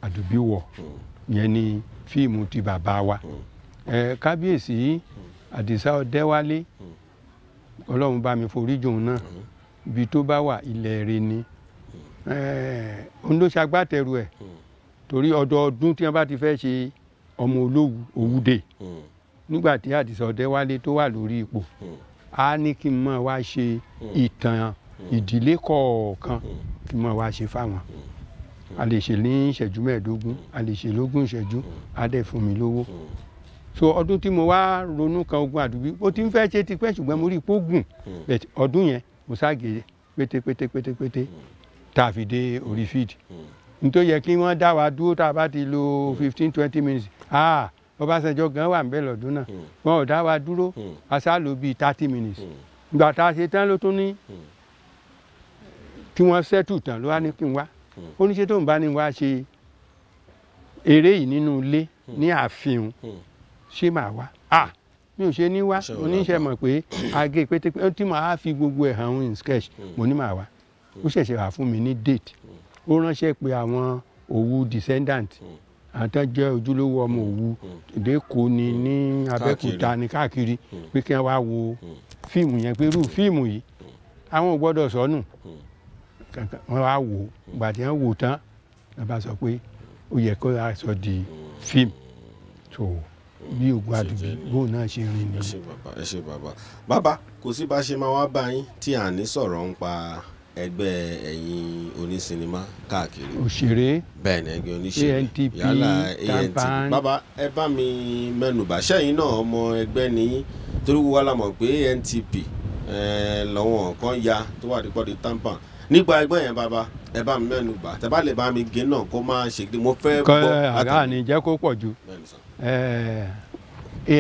àdùbí wọ̀ yẹn ni fíìmù ti bàbá wa ẹ kábíyèsí Àdìsá Ọdẹ́wálé ọlọ́run bá mi forí jòun náà ibi tó bá wà ilẹ̀ rẹ̀ ni òun ló ṣagbátẹrù ẹ̀ torí ọdọọdún tí wọ́n bá ti fẹ́ ṣe ọmọ olówù òwúde hmm. nígbà tí àdìsá ọdẹwálé tó wà lórí ipò hmm. a ní kí n máa wá ṣe hmm. ìtàn ìdílé kọ̀ọ̀kan kí n máa wá ṣe fáwọn a lè ṣe ní ìṣẹ́jú mẹ́ẹ̀ẹ́dógún a lè ṣe lógún ìṣẹ́jú a dẹ̀ fún mi lówó so ọdún tí mo wá ronú kan ogun àdúgbò mo ti ń fẹ́ ṣe tipẹ́ ṣùgbọ́n mo rí i pé ó gùn ọdún yẹn mo ságé pété pété pété pété tá a fi dé orí fídì nítorí yẹ kí wọ́n dá wa dúró tá a bá ti lo hmm. fifteen twenty minutes ah Ọbásanjọ́ gan wà ń bẹ̀ lọ́dún náà hmm. wọn ò dá wa dúró àṣà hmm. bíi thirty minutes ìgbà tá a ṣe tán ló tún ní tí wọ́n ṣẹ́tù tán ló wá ní kí n wá ó tó ń bá ní wá ṣe eré yìí nínú ilé ní àfihàn ṣé màá wá ah mi ò ṣe ní wá oníṣẹ́ mọ̀ pé agé pété tí màá fi gbogbo ẹ̀ hàn in sketch mo ní màá wá ó ṣẹ̀ṣẹ̀ wà fún mi ní date ó ránṣẹ́ pé àwọn Òwu descendant hmm. àtàn jẹ́ ojúlówó ọmọ hmm. Òwu lẹ́kọ̀ọ́ hmm. ni ní Abẹ́òkúta ní káàkiri pé kí wọ́n wá wo fíìmù yẹn pé irú fíìmù yìí àwọn ò gbọ́dọ̀ sọnù wọ́n wá wò gbà tí wọ́n wò tán wọ́n bá sọ pé ó yẹ kó a di fíìmù tó bí Ògún Àdùbí bóun náà ṣe rìn nìyẹn. ẹ ṣe bàbá ẹ ṣe bàbá bàbá kò sí bá ṣe máa wá bá yín tí à ní sọ̀rọ̀ ń pa ẹgbẹ́ ẹ̀yin onísinimá káàkiri. òṣèré bẹ́ẹ̀ ni ẹgbẹ́ oníṣèré antp yálà antp bàbá ẹ bá mi mẹ́nubà sẹ́yìn náà ọmọ ẹgbẹ́ ní torí wọ́n la mọ̀ pé antp lọ́wọ́n kan ya tó wà dípọ̀ di tampan nígbà ẹgbẹ́ yẹn bàbá ẹ bá mi mẹ́nubà tẹ bá lè bá mi gé náà kó má ṣe kí mo fẹ́ gbọ́. kọ́ àgá ni jẹ́ kó pọ̀ ju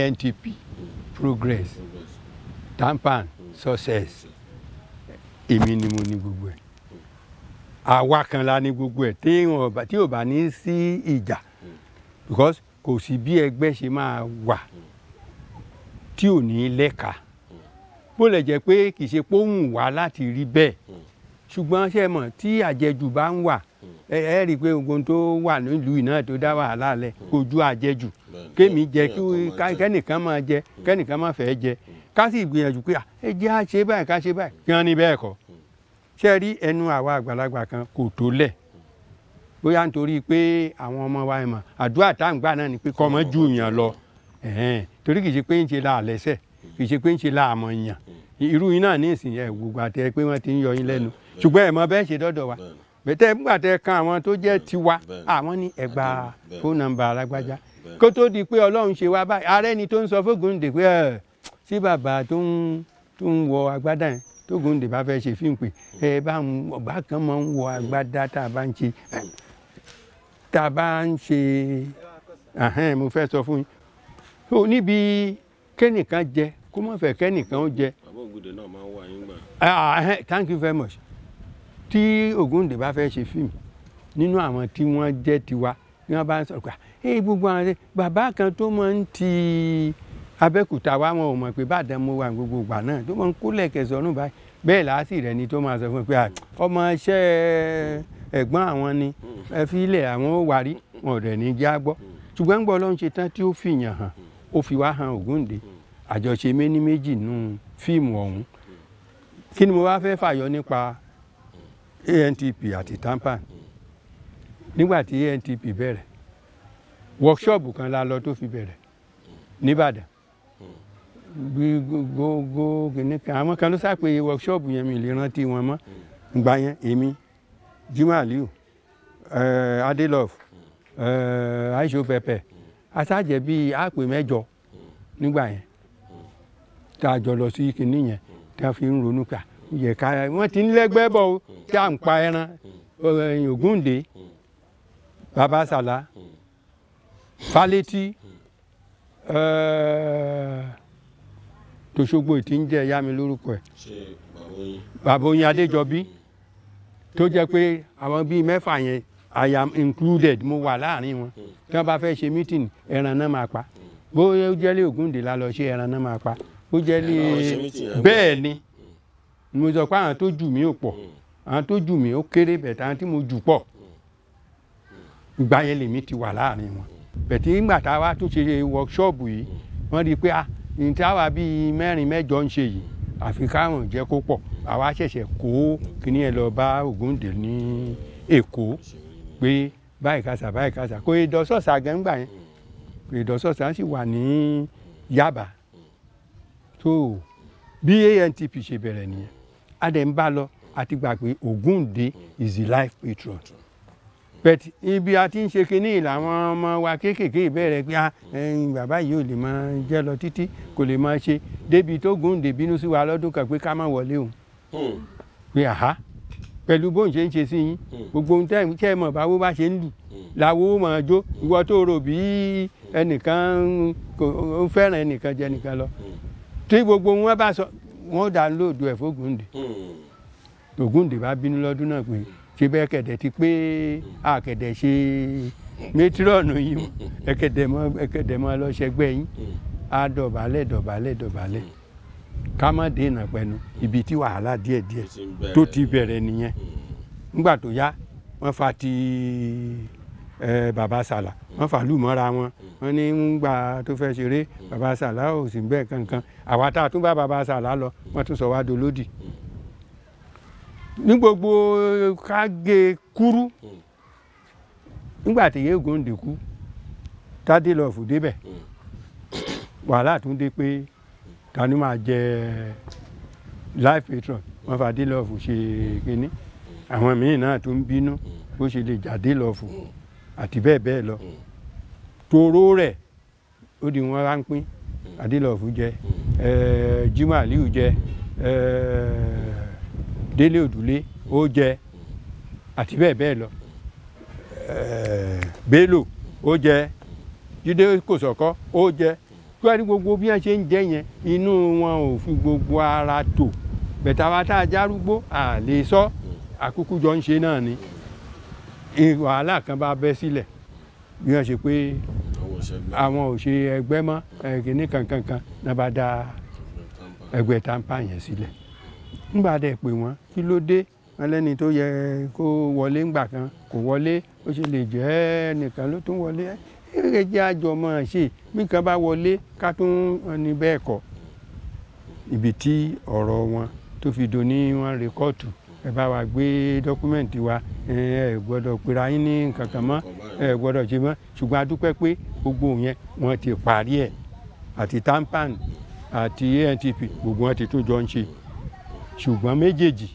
antp progress tampan mm. success èmi ni mo ní gbogbo ẹ̀ àwa kan la ní gbogbo ẹ̀ tí ò bá ní sí ìjà because kò sí bí ẹgbẹ́ ṣe máa wà tí ò ní lẹ́ka bó lè jẹ́ pé kì í ṣe póhùn wá láti rí bẹ́ẹ̀ ṣùgbọ́n ṣe mọ̀ tí àjẹjù bá ń wà ẹ ẹ rí i pé ogun tó wà nílùú iná tó dá wàhálà lẹ kò ju àjẹjù kémi jẹ kí kẹ́nìkan máa jẹ kẹ́nìkan máa fẹ́ jẹ ká sì gbìyànjú pé ẹ jẹ́ à ṣe báyìí ká ṣe báyìí gan ni bẹ́ẹ̀ kọ́ ṣe rí ẹnu àwa àgbàlagbà kan kò tó lẹ̀ bóyá nítorí pé àwọn ọmọ wa ẹ̀ mọ̀ àdúrà tá à ń gbà náà ni pé kọ́ ọmọ ju yàn lọ torí kì í ṣe pé ń ṣe la àlẹ́sẹ̀ kì í ṣe pé ń ṣe la àmọ̀ yàn irú yín náà ní ìsìn ẹ̀ gbogbo àti ẹ pé wọ́n ti ń yọ yín lẹ́nu ṣùgbọ́n ẹ̀ mọ bẹ́ẹ̀ ṣe dọ́dọ̀ wa bẹ́tẹ̀ nígbà tẹ kan àwọn tó jẹ́ tiwa àwọn ní ẹgbà fóònù nọ́mbà alágbájá kó tó di pé ọlọ́run ṣe wá báyìí ààrẹ ni tó ń sọ fóògùn dè pé ẹ̀ tí bàbá tó ń tó ń wọ agbádá yẹn tó gòǹdè bá fẹ́ ṣe fíìmù pé ẹ bá ń ọ̀gá kan máa ń wọ agbádá tá a bá ń ṣe tá a bá ń ṣe ahẹ́n mo fẹ́ sọ fún yín so níbi kẹ́nìkan jẹ kó má fẹ́ kẹ́nìkan ó jẹ. bàbá ògùndè náà máa ń wà yín gbà. thank you very much tí ògùndè bá fẹ́ ṣe fíìmù nínú àwọn tí wọ́n jẹ́ tiwa ni wọ́n bá ń sọ̀rọ̀ pé ẹ gbogbo àwọn bàbá kan tó máa ń ti abẹ́kúta wa wọn ò mọ̀ pé bàdàn mo wà gbogbo ìgbà náà tó máa ń kó lẹ̀kẹ̀sọ̀ ọ̀run báyìí bẹ́ẹ̀ láàsì rẹ̀ ni tó máa sọ fún mi pé ọmọ iṣẹ́ ẹ̀gbọ́n àwọn ni ẹ fi ilẹ̀ àwọn ó wárí wọn ò rẹ̀ ní já gbọ́ ṣùgbọ́n gbọ́ ló ń ṣe tán tí ó fìyàn hàn ó fi wá hàn Ògúndé àjọṣe méní méjì nù fíìmù ọ̀hún kí ni mo wá fẹ́ fàyọ nípa ANTP àti TAMPAN nígbà tí ANTP bẹ̀rẹ̀ wọ́kṣọ́ọ̀bù kan la lọ tó fi bẹ̀rẹ̀ níbàdàn gbogbo kìnìkan àwọn kan ló ṣàpè workshop yẹn mi lè rántí wọn mọ́ ìgbà yẹn èmi Jimoh Aliu eh, Adelove eh, Aisho Pepe aṣáàjẹ bíi àpè mẹ́jọ nígbà yẹn tá a jọ lọ sí kinní yẹn tí wọ́n fi ń ronú pa yẹ ká wọ́n ti ń lẹ́gbẹ́ bọ̀ ó tí à ń pa ẹran Ògúndé Baba Sala Fálétí. Uh, tòṣogbo ìtì ń jẹ́ ìyá mi lórúkọ ẹ̀ bàbá oyin adéjọbí tó jẹ́ pé àwọn bíi mẹ́fà yẹn i am included mo wà láàrin wọn tí wọ́n bá fẹ́ ṣe mítìn ẹran náà máa pa bó jẹ́ lé ògúndè la lọ ṣe ẹran náà máa pa bó jẹ́ lé bẹ́ẹ̀ ni hmm. mo sọ pé àwọn tó jù mí ò pọ̀ hmm. àwọn tó jù mí ó kéré bẹ̀tẹ̀ àwọn tí mo jù pọ̀ hmm. ìgbà yẹn lèmi ti wà láàrin wọn bẹ̀tẹ̀ ìgbà tá a wá tó ṣe workshop yìí wọ́n rí i pé ah ní táwa bíi mẹ́rin mẹ́jọ ń ṣe yìí àfi káwọn jẹ́ kó pọ̀ àwa ṣẹ̀ṣẹ̀ kó kíní ẹ̀ lọ bá Ògúndé ní Èkó pé báyìí kásá báyìí kásá kò ìdọ́sọ̀sà gẹ́ngbà yẹn kò ìdọ́sọ̀sà sì wà ní Yaba tó bí ANTP ṣe bẹ̀rẹ̀ nìyẹn a dẹ̀ ń bá lọ àti gbà pé Ògúndé is the life patron but ibi a ti ń ṣe kinní làwọn ọmọ wa kéékèèké ìbẹ̀rẹ̀ pé bàbá yìí ò lè máa jẹ́ lọ títí kò lè máa ṣe débi tó gùn dé bínú sí wa lọ́dún kan pé ká má wọlé o hmm. pé àhá pẹ̀lú bóun ṣe ń ṣe sí yín hmm. gbogbo ohun tẹ́ ẹ mọ̀ báwo bá ṣe ń lù hmm. làwo mọ̀ jó ìwọ tó rò bí ẹnìkan ń fẹ́ràn ẹnìkan jẹ ẹnìkan lọ tí gbogbo wọn bá sọ wọn dá lóòdù ẹ̀ fógùn dè ògùn dè bá bínú lọ́dún náà pé ṣe bẹ́ẹ̀ kẹ̀dẹ̀ ti pé àkẹ̀dẹ̀ ṣe mẹtírọ̀nù yìí ẹ̀kẹ̀dẹ̀ mọ ẹ̀kẹ̀dẹ̀ mọ lọ ṣẹgbẹ́ yín á dọ̀bálẹ̀ dọ̀bálẹ̀ dọ̀bálẹ̀ ká má dènà pẹ̀lú ibi tí wàhálà díẹ̀díẹ̀ tó ti bẹ̀rẹ̀ nìyẹn nígbà tó yá wọ́n fa ti ẹ baba sàlà wọn fàlù mọra wọn wọn ní ń gbà tó fẹ́ ṣeré baba sàlà ò sì ń bẹ kankan àwa tá a tún bá baba sàlà lọ wọn tún sọ wá dolódì ní gbogbo ká gé e kúrú hmm. nígbà tí yéègùn dìkú tádé lọ fòdé bẹ̀ hmm. wàhálà tún dé pé tani máa jẹ life patron wọn fà dé lọ fò ṣe kínní àwọn míì náà tún bínú bó ṣe lè jáde lọ fò àti bẹ́ẹ̀ bẹ́ẹ̀ lọ hmm. toró rẹ̀ ó di wọn ránpín adélọ́fù jẹ ẹ eh, Jimoh jẹ ẹ. Eh, délé òdúlé oúnjẹ àti bẹ́ẹ̀ bẹ́ẹ̀ lọ eh. bello oúnjẹ jíde kòsọ̀kọ́ oúnjẹ tó ẹni gbogbo bí wọ́n ṣe ń jẹ yẹn inú wọn ò fi gbogbo ara tò bẹ̀tàwá tá a járúgbó à lè sọ àkúkú jọ ń ṣe náà ni wàhálà kan bá bẹ́ sílẹ̀ bí wọ́n ṣe pé àwọn ò ṣe ẹgbẹ́ mọ́ ẹ̀kíní kankan kan náà bá dá ẹgbẹ́ tampa yẹn sílẹ̀ nígbà dẹ̀ pè wọ́n kí ló dé ẹlẹ́ni tó yẹ kó wọlé ńgbà kan kò wọlé ó ṣe lè jẹ́ nìkan ló tún wọlé eré jẹ́ àjọmọ̀ ṣe bí kan bá wọlé ká tún ní bẹ́ẹ̀ kọ́ ibi tí ọ̀rọ̀ wọn tó fi dùn ní wọn rékọ́ọ̀tù ẹ bá wa gbé dọ́kúmẹ̀ntì wa ẹ gbọ́dọ̀ pera yín ní nǹkan kan mọ́ ẹ gbọ́dọ̀ ṣe mọ́ ṣùgbọ́n a dúpẹ́ pé gbogbo yẹn wọ́n ti parí ẹ̀ àti tampan àti antp gbogbo wọn ti tún jọ ń ṣe ṣùgbọ́n méjèèjì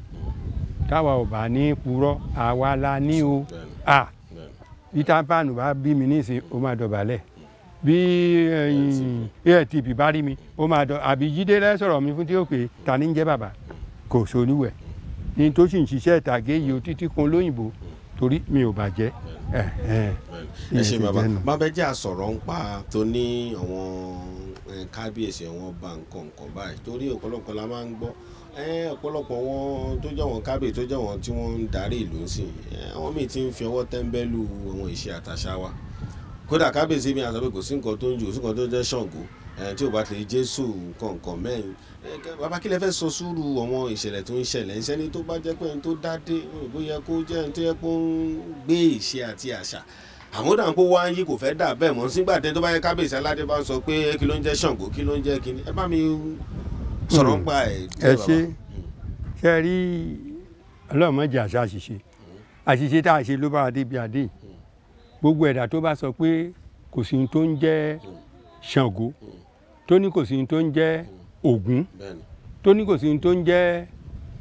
táwa ò bá ní purọ́ àwa la ní o a peter pan bá bí mi nísìn ó máa dọ̀bálẹ̀ bí eh, altp bá rí mi ó máa dọ̀ àbí jíde lẹ́sọ̀rọ̀ mi fún tí ó pè ta ní jẹ́ bàbá kò sóníwẹ̀ ní tó sì ń ṣiṣẹ́ ìtàgé yìí ó títí kun lóyìnbó torí mi ò bàjẹ́ ẹ ṣe bàbá bàbá jẹ́ àsọ̀rọ̀ ń pa tó ní àwọn kábíyèsí wọn bá nǹkan nǹkan báyìí torí ọ̀pọ̀lọpọ̀ la máa ń gbọ́ ọ̀pọ̀lọpọ̀ wọn tó jẹ́ wọn kábíyèsí tó jẹ́ wọn tí wọ́n ń darí ìlú sìn àwọn míì ti ń fi ọwọ́ tẹ́ńbẹ́lú àwọn ìṣe àtàṣà wa kódà kábíyèsí mi àtàwọn kò sí nǹkan tó ń jù sí nǹkan tó jẹ́ ṣàngó tí ò bá tẹ̀lé jésù nǹkan mẹ́rin bàbá kí lẹ fẹ́ sọ sùúrù àwọn ìṣẹ̀lẹ̀ tó ń ṣẹlẹ̀ ń sẹ́ni tó bá jẹ́ pé ẹni tó dá dé bó yẹ kó jẹ́ ẹni tó yẹ kó ń gbé ìṣe àti àṣà àmọ́ dà ń kó wá yí kò fẹ́ dà bẹ́ẹ̀ mọ́ sígbà tẹ́ tó bá yẹ kábíyèsí aládé bá ń sọ pé kí ló ń jẹ́ Ṣàngó kí ló ń jẹ́ kíní ẹ bá mi sọ̀rọ̀ hmm. ń pa ẹ̀. ẹ ṣe ṣe rí ọlọ́mọdé àṣà àṣìṣe àṣìṣe tá a ṣe ló bá wa débi àdé gbogbo ẹ̀dá tó bá sọ pé kò sí tó ń jẹ́ Ṣàngó tó ní kò sí tó ń jẹ́ Ògún tó ní kò sí tó ń jẹ́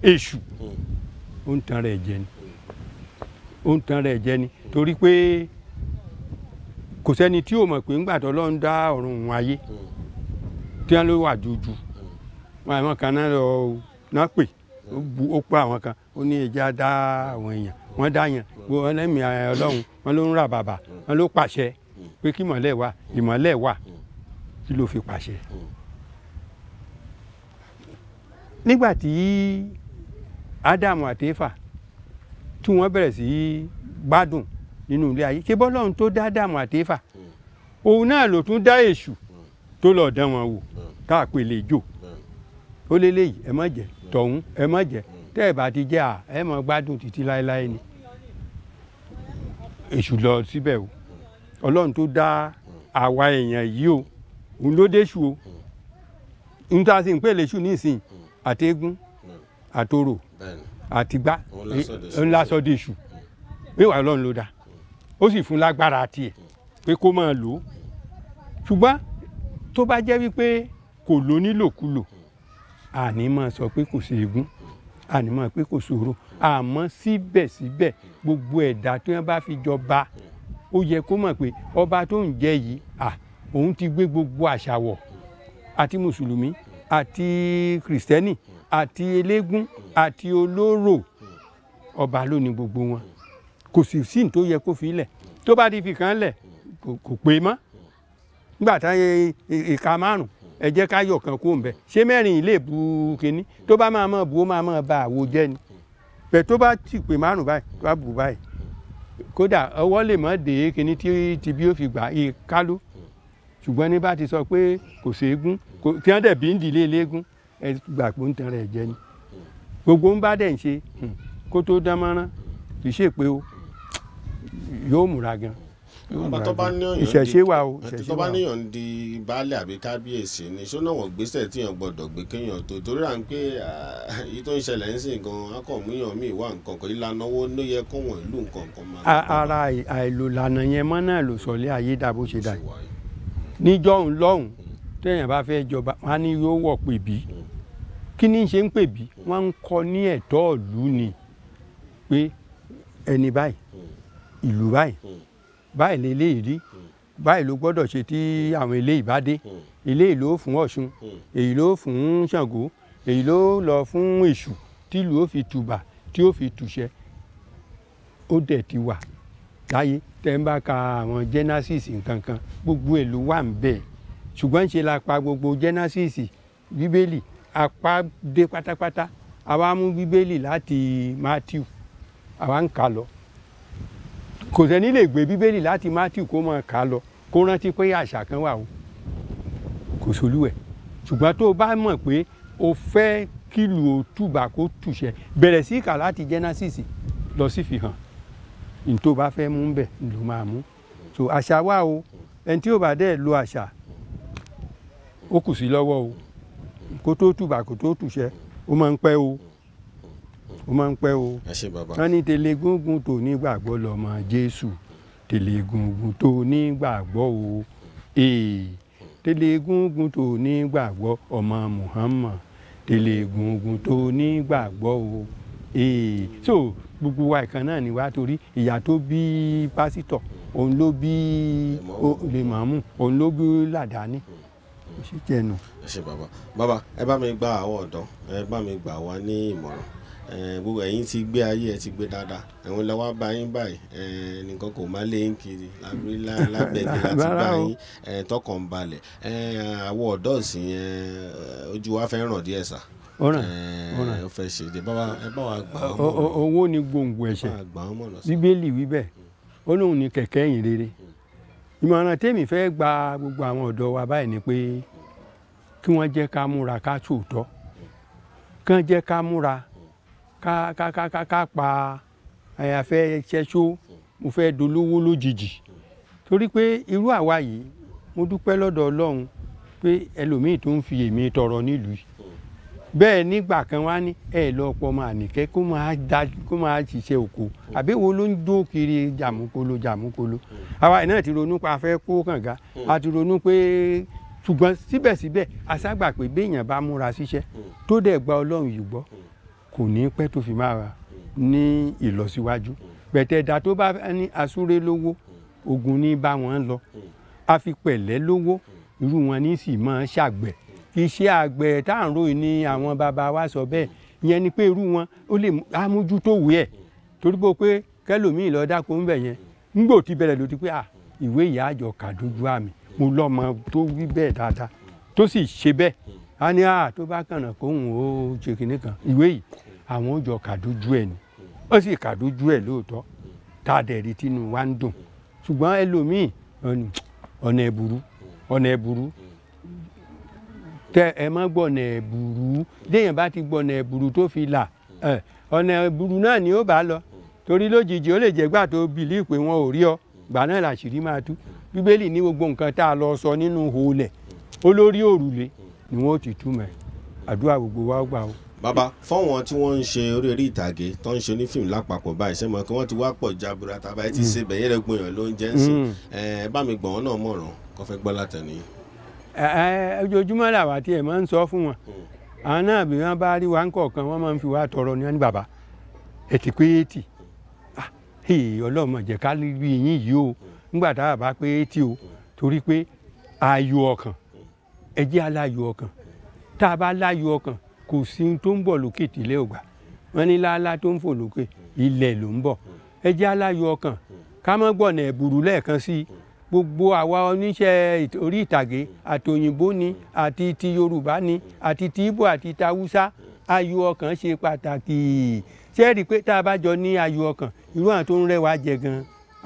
Èṣù hmm. ó ń tan rẹ̀ jẹ ni ó ń tan rẹ̀ jẹ ni torí pé kò sẹ́ni tí ò mọ̀ pé ńgbà tó lọ́n dá ọ̀run òun ayé tí wọ́n ló wà jújù àwọn kan náà lọ náà pè ó pa àwọn kan ó ní ẹja dá àwọn èèyàn wọ́n dá yàn wọ́n lẹ́mìí eh, ọlọ́run wọ́n ló ń rà bàbà wọ́n ló pàṣẹ pé kí ìmọ̀lẹ̀ wà ìmọ̀lẹ̀ wà kí ló fi pàṣẹ. nígbà tí Ádámù àti Éfà tí wọ́n bẹ̀rẹ̀ sí gbádùn nínú ilé ayé ṣé bọ́lọ́run tó dá Ádámù àtẹ́fà òun náà ló tún dá èṣù tó lọ́ọ́ dán wọn wò káàpele jò ó léléyìí ẹ má jẹ tọ̀hún ẹ má jẹ tẹ́ ẹ bá ti jẹ́ à ẹ má gbádùn títí láéláé ni èṣù lọ síbẹ̀ o ọlọ́run tó dá àwa èèyàn yìí o òun ló déṣù o n ta sì ń pè léṣù nísìn àtẹ́gùn àtòrò àtìgbá ńlá sọ déṣù wíwà ọlọ́run ló dáa ó sì fún lágbára tiẹ̀ pé kó máa lò ó ṣùgbọ́n tó bá jẹ́ wípé kò lò nílòkulò àní máa sọ pé kò sí eégún àní máa pé kò ṣòro àmọ́ síbẹ̀síbẹ̀ gbogbo ẹ̀dá tí wọ́n bá fi jọba ó yẹ kó mọ̀ pé ọba tó ń jẹ yìí à òun ti gbé gbogbo àṣà wọ̀ àti mùsùlùmí àti kìrìsìtẹ́nì àti eléégún àti olóró ọba ló ní gbogbo wọn kò sì sí ní tó yẹ kó fi lẹ̀ tó bá di fi kan lẹ̀ kò pé mọ́ nígbà tá ìka márùn ẹ jẹ́ ká yọ̀ kan kó ń ṣé mẹ́rin ilé bu kínní tó bá máa mọ̀ bu ó máa mọ̀ ba àwo jẹ́ ni bẹ̀ tó bá ti pè márùn báyìí tó bá bù báyìí kódà ọwọ́ lè mọ́ dé kínní tí ti bí ó fi gbà ìka ló ṣùgbọ́n ní bá ti sọ pé kò séégún tí wọ́n dẹ̀ bí ń dìlé eléégún ẹ gbà pé ń tan rẹ̀ ni gbogbo ń bá dẹ̀ ń ṣe kó tó dán mọ́rán kì í ṣèpè o yóò múra gan. ìṣẹ̀ṣe wa o ìṣẹ̀ṣe wa o. tó bá níyàn ń di baálé àbí kábíyèsí ni ṣó náà wọ̀ gbésẹ̀ tíyàn gbọ́dọ̀ gbé kéèyàn tó torí à ń pé èyí tó ń ṣẹlẹ̀ ń sìn gan akọ̀múyàn míì wà nǹkan kan ìlànà owó ló yẹ kọ́wọ̀n ìlú nǹkan kan máa. ara àìlòlànà yẹn mọ́ náà ló sọ̀lé ayé dà bó ṣe dà níjọ́ òun lọ́hùn téèyàn bá fẹ́ jọba wọn á ní yóò wọ̀ pèbí kí ni ṣe ń pèbí wọn ń kọ ní ẹ̀tọ́ ìlú ni pé ẹni báyìí ìlú báyìí hmm. báyìí lè léyìí rí hmm. báyìí ló gbọ́dọ̀ ṣe tí hmm. àwọn eléyìí bá dé eléyìí ló fún Ọ̀ṣun èyí ló fún Ṣàngó èyí ló lọ fún Èṣù tílù ó fi tùbà tí ó fi tùṣẹ ó dẹ̀ ti wà láyé tẹ́ ń bá ka àwọn Genesis nkankan gbogbo èlò wà ń bẹ̀ ṣùgbọ́n ṣe la pa gbogbo Genesis bíbélì apá dé pátápátá àwa mú bíbélì láti Matthew àwa ń kà lọ kò sẹ́ni lè gbé bíbélì láti Mátíù kó máa kà á lọ kó rántí pé àṣà kan wà o kò solúwẹ̀ ṣùgbọ́n tó o bá mọ̀ pé o fẹ́ kílù o túbà kó túṣẹ bẹ̀rẹ̀ sí kà láti Genesis lọ sí fihàn ní tó o bá fẹ́ mú bẹ̀ ló máa mú so àṣà wà o ẹni tí ó bá dẹ̀ lo àṣà ó kù sí lọ́wọ́ o kó tó túbà kó tó túṣẹ ó máa ń pẹ́ o ó máa ń pẹ́ o wọ́n ní tẹ̀lé egungun tó nígbàgbọ́ lọ́mọ Jésù tẹ̀lé egungun tó nígbàgbọ́ o ee tẹ̀lé egungun tó ọmọ Muhammad tẹ̀lé egungun tó nígbàgbọ́ o so gbogbo wa ìkan náà ni wá torí ìyá tó bí pásítọ̀ òun ló bí lèmọ̀ọ́mù òun ló bí làdáni ó sì jẹnu. ẹ ṣe bàbá bàbá ẹ bá mi gba àwọn ọ̀dọ́ ẹ bá mi gbà wá ní ìmọ̀ràn Eh, gbogbo ẹ̀yin ti gbé ayé ẹ ti gbé dáadáa ẹ̀wọ̀n lọ́wọ́ bá yín báyìí eh, nìkan kò má lé yín kiri lábẹ́ni láti bá yín eh, tọkàn balẹ̀ àwọn ọ̀dọ́ ìsìn ojú wa fẹ́ ràn díẹ̀ sà ọ̀ràn ọ̀ràn ni gbòǹgbò ẹ̀ṣẹ̀ bíbélì ó lóun hmm. gba gbogbo àwọn ọ̀dọ́ wa báyìí ni pé kí wọ́n jẹ́ ká múra ká ká ká ká ká ká pa àyàfẹ́ ṣẹ́ṣó mo fẹ́ dolówó lójijì torí pé irú àwa yìí mo dúpẹ́ lọ́dọ̀ Ọlọ́run pé ẹlòmíì tó ń fi èmi tọrọ nílùú yìí bẹ́ẹ̀ nígbà kan wá ní ẹ lọ pọ ọmọ àníkẹ́ kó máa da kó máa ṣiṣẹ́ oko àbí wo ló ń dó kiri jàmúkolo jàmúkolo àwa náà ti ronú pé a fẹ́ kó kànga a ti ronú pé ṣùgbọ́n síbẹ̀síbẹ̀ a ságbà pé béèyàn bá múra síṣẹ́ tó dẹ̀ gba Ọlọ́run yìí gbọ́ kò ní pẹ́ tó fi máa ra ní ìlọsíwájú bẹ̀tẹ̀dà tó bá ní asúré lówó ogun ní bá wọn lọ afipẹ̀lẹ́ lówó irú wọn ní sì máa ṣàgbẹ̀ iṣẹ́ àgbẹ̀ tá à ń ròyìn ní àwọn bàbá wa sọ bẹ́ẹ̀ ìyẹn ni pé irú wọn ó lè amójútòwé ẹ̀ torí bó pé kẹlòmíì lọ dáko ń bẹ̀ yẹn ńgbò ti bẹ̀rẹ̀ ló ti pé à ìwé ìyá àjọ kà àmì mo lọ́mọ tó wí bẹ́ẹ̀ dáadáa tó sì ṣe bẹ́ẹ̀ a ní a ah, tó bá kànáà kóhùn ó ṣe kinní kan ìwé yìí àwọn òjò kàdójú ẹ ni ó sì kàdójú ẹ lóòótọ́ tá a dẹ̀rí tínú wa ń dùn ṣùgbọ́n ẹlòmíì ọ̀nà ẹ̀bùrú ọ̀nà ẹ̀bùrú tẹ ẹ má gbọ̀nà ẹ̀bùrú déèyàn bá ti gbọ̀nà ẹ̀bùrú tó fi là ọ̀nà ẹ̀bùrú náà ni ó bá lọ torí lójijì ó lè jẹ́ gbà tó bìlí pé wọn ò rí ọ gbà náà làṣírí máa tú bíbélì ní gbogbo nǹkan tá a lọ sọ nínú hòlẹ̀ olórí òrùlé ni wọn ò ti túmọ̀ ẹ̀ àdúrà gbogbo wa gbà o. bàbá fọwọn tí wọn ń ṣe orí eré ìtàgé tó ń ṣe onífíìmù lápapọ̀ báyìí ṣe mọ̀ kí wọ́n ti wá pọ̀ jabura tàbá ẹ mm. ti ṣe bẹ̀yẹ́ rẹ gbọ̀yàn ló ń jẹ́ ń sìn mm. ẹ bá mi gbọ̀n náà mọ̀ràn kó fẹ́ gbọ́ látẹ̀ni. ojoojúmọ́ làwa tí ẹ̀ máa ń sọ fún wọn mm. àwọn náà bí wọ́n bá rí wa ńkọ̀ọ̀kan wọ́n máa ń fi wá tọrọ ní wọn ní bàbá ẹ̀ ti pé ètì ah, ọlọ́mọ jẹ́ ká rí yín ẹ jẹ́ aláyọ̀ ọkàn tá a bá láyọ̀ ọkàn kò sí ohun tó ń bọ̀ lókè tílẹ̀ ògbà wọ́n ní láálá tó ń fò lókè ilẹ̀ ló ń bọ̀ ẹ jẹ́ ọkàn ká má gbọ̀nà ẹ̀bùrú lẹ́ẹ̀kan sí i gbogbo àwa oníṣẹ́ orí ìtàgé àtòyìnbó ni àti ti Yorùbá ni àti ti Ìgbò àti ti Haúsá ayọ̀ ọkàn ṣe pàtàkì ṣé ẹ rí i pé tá a bá jọ ní ayọ̀ ọkàn irú àwọn tó ń rẹwà jẹ gan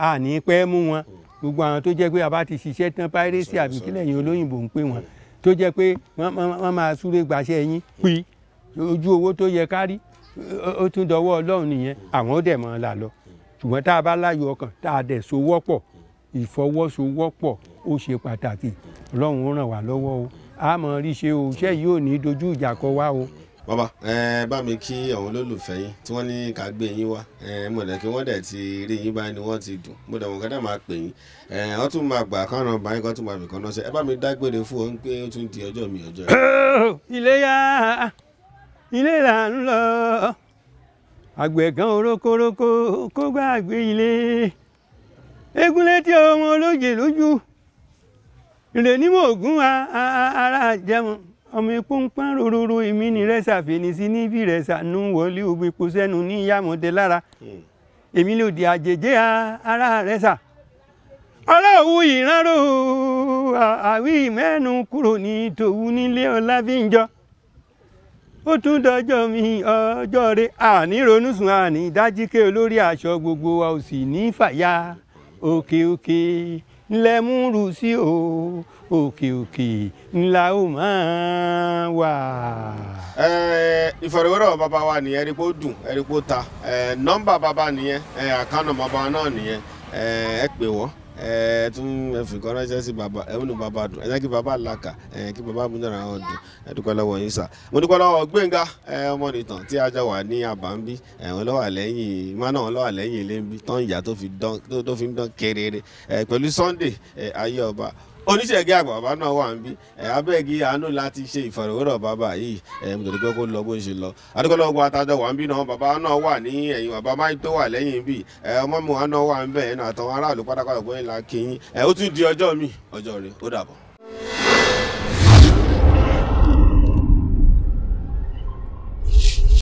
a ní pẹ́ mú wọn gbogbo àwọn tó jẹ́ pé a bá ti ṣiṣẹ́ tán pírẹ́sì àbíkílẹ̀ yẹn olóyìnbó ń pè wọ́n tó jẹ́ pé wọ́n máa súré gbàṣẹ́ yín pí ojú owó tó yẹ kárí ó tún dọwọ́ ọlọ́run nìyẹn àwọn ó dẹ̀ máa là lọ ṣùgbọ́n tá a bá láyọ̀ ọkàn tá a dẹ̀ sowọ́pọ̀ ìfọwọ́sowọ́pọ̀ ó ṣe pàtàkì ọlọ́run ó ràn wá lọ́wọ́ o a máa rí ṣe o iṣẹ́ yìí ò ní dojú ìjà kọ wá o bàbá ẹ bá mi kí àwọn olólùfẹ́ yín tí wọ́n ní ká gbé yín wá ẹ mọ̀lẹ́kí wọ́n dẹ̀ ti rí yín báyìí ni wọ́n ti dùn mo dẹ̀ wọ́n kẹ́dà máa pè yín ẹ wọ́n tún máa gbà kán ràn báyìí kán tún máa bìkan náà ẹ bá mi dágbére fún ọ pé ó tún di ọjọ́ mi ọjọ́ yìí. iléyá iléyá ń lọ àgbẹ̀ gan orókórókó kó gbàgbé ilé eégún létí ọmọ olóje lójú ìrè ní mò ń gún ara jẹun. ọmọ ikú ń pọ́n rororo èmi ní rẹ́sà fèrèsé níbi rẹ́sà nù wọlé ògbé epo sẹ́nu ní ìyàmọ̀dé lára hmm. èmi ló di àjèjé ara rẹ́sà ọlọ́wù ìránró àwí mẹ́nu kúrò ní tòun nílé ọlábíńjọ ó tún dọjọ́ mi ọjọ́ rẹ àní ronú sùn àní dájíkẹ́ olórí aṣọ gbogbo wa ò sì ní fàyà òkè òkè ńlẹ́mú rù sí o òkè òkè ńlá ó máa wà. ìfọ̀rọ̀wérọ̀ bàbá wa nìyẹn dùn ta nọ́mbà bàbá nìyẹn àkànnà bàbá náà nìyẹn ẹ pè wọ́n ẹ tún fi kọ́ ránṣẹ́ sí bàbá ẹ múnú bàbá dùn ẹ kí bàbá làkà kí bàbá wọn dùn ẹ lọ́wọ́ yín sà mo dúpẹ́ lọ́wọ́ Gbénga ẹ tí a jọ wà ní àbámbí lọ́wọ́ ìmánà ilé ń bí tó fi ń dán pẹ̀lú Sunday onisege agba bàbá náà wà níbí ẹ abẹ́gi àánú láti ṣe ìfọ̀rọ̀wérọ̀ bàbá yìí ẹ pé kó lọ bó ṣe lọ adúgbò ọgbà àtàjọ wà níbí náà bàbá náà wà ní ẹ̀yìn bàbá máì tó wà lẹ́yìn bí ẹ ọmọ mi wà náà wà náà àtàwọn aráàlú pátápátá ẹ ó tún di ọjọ́ mi ọjọ́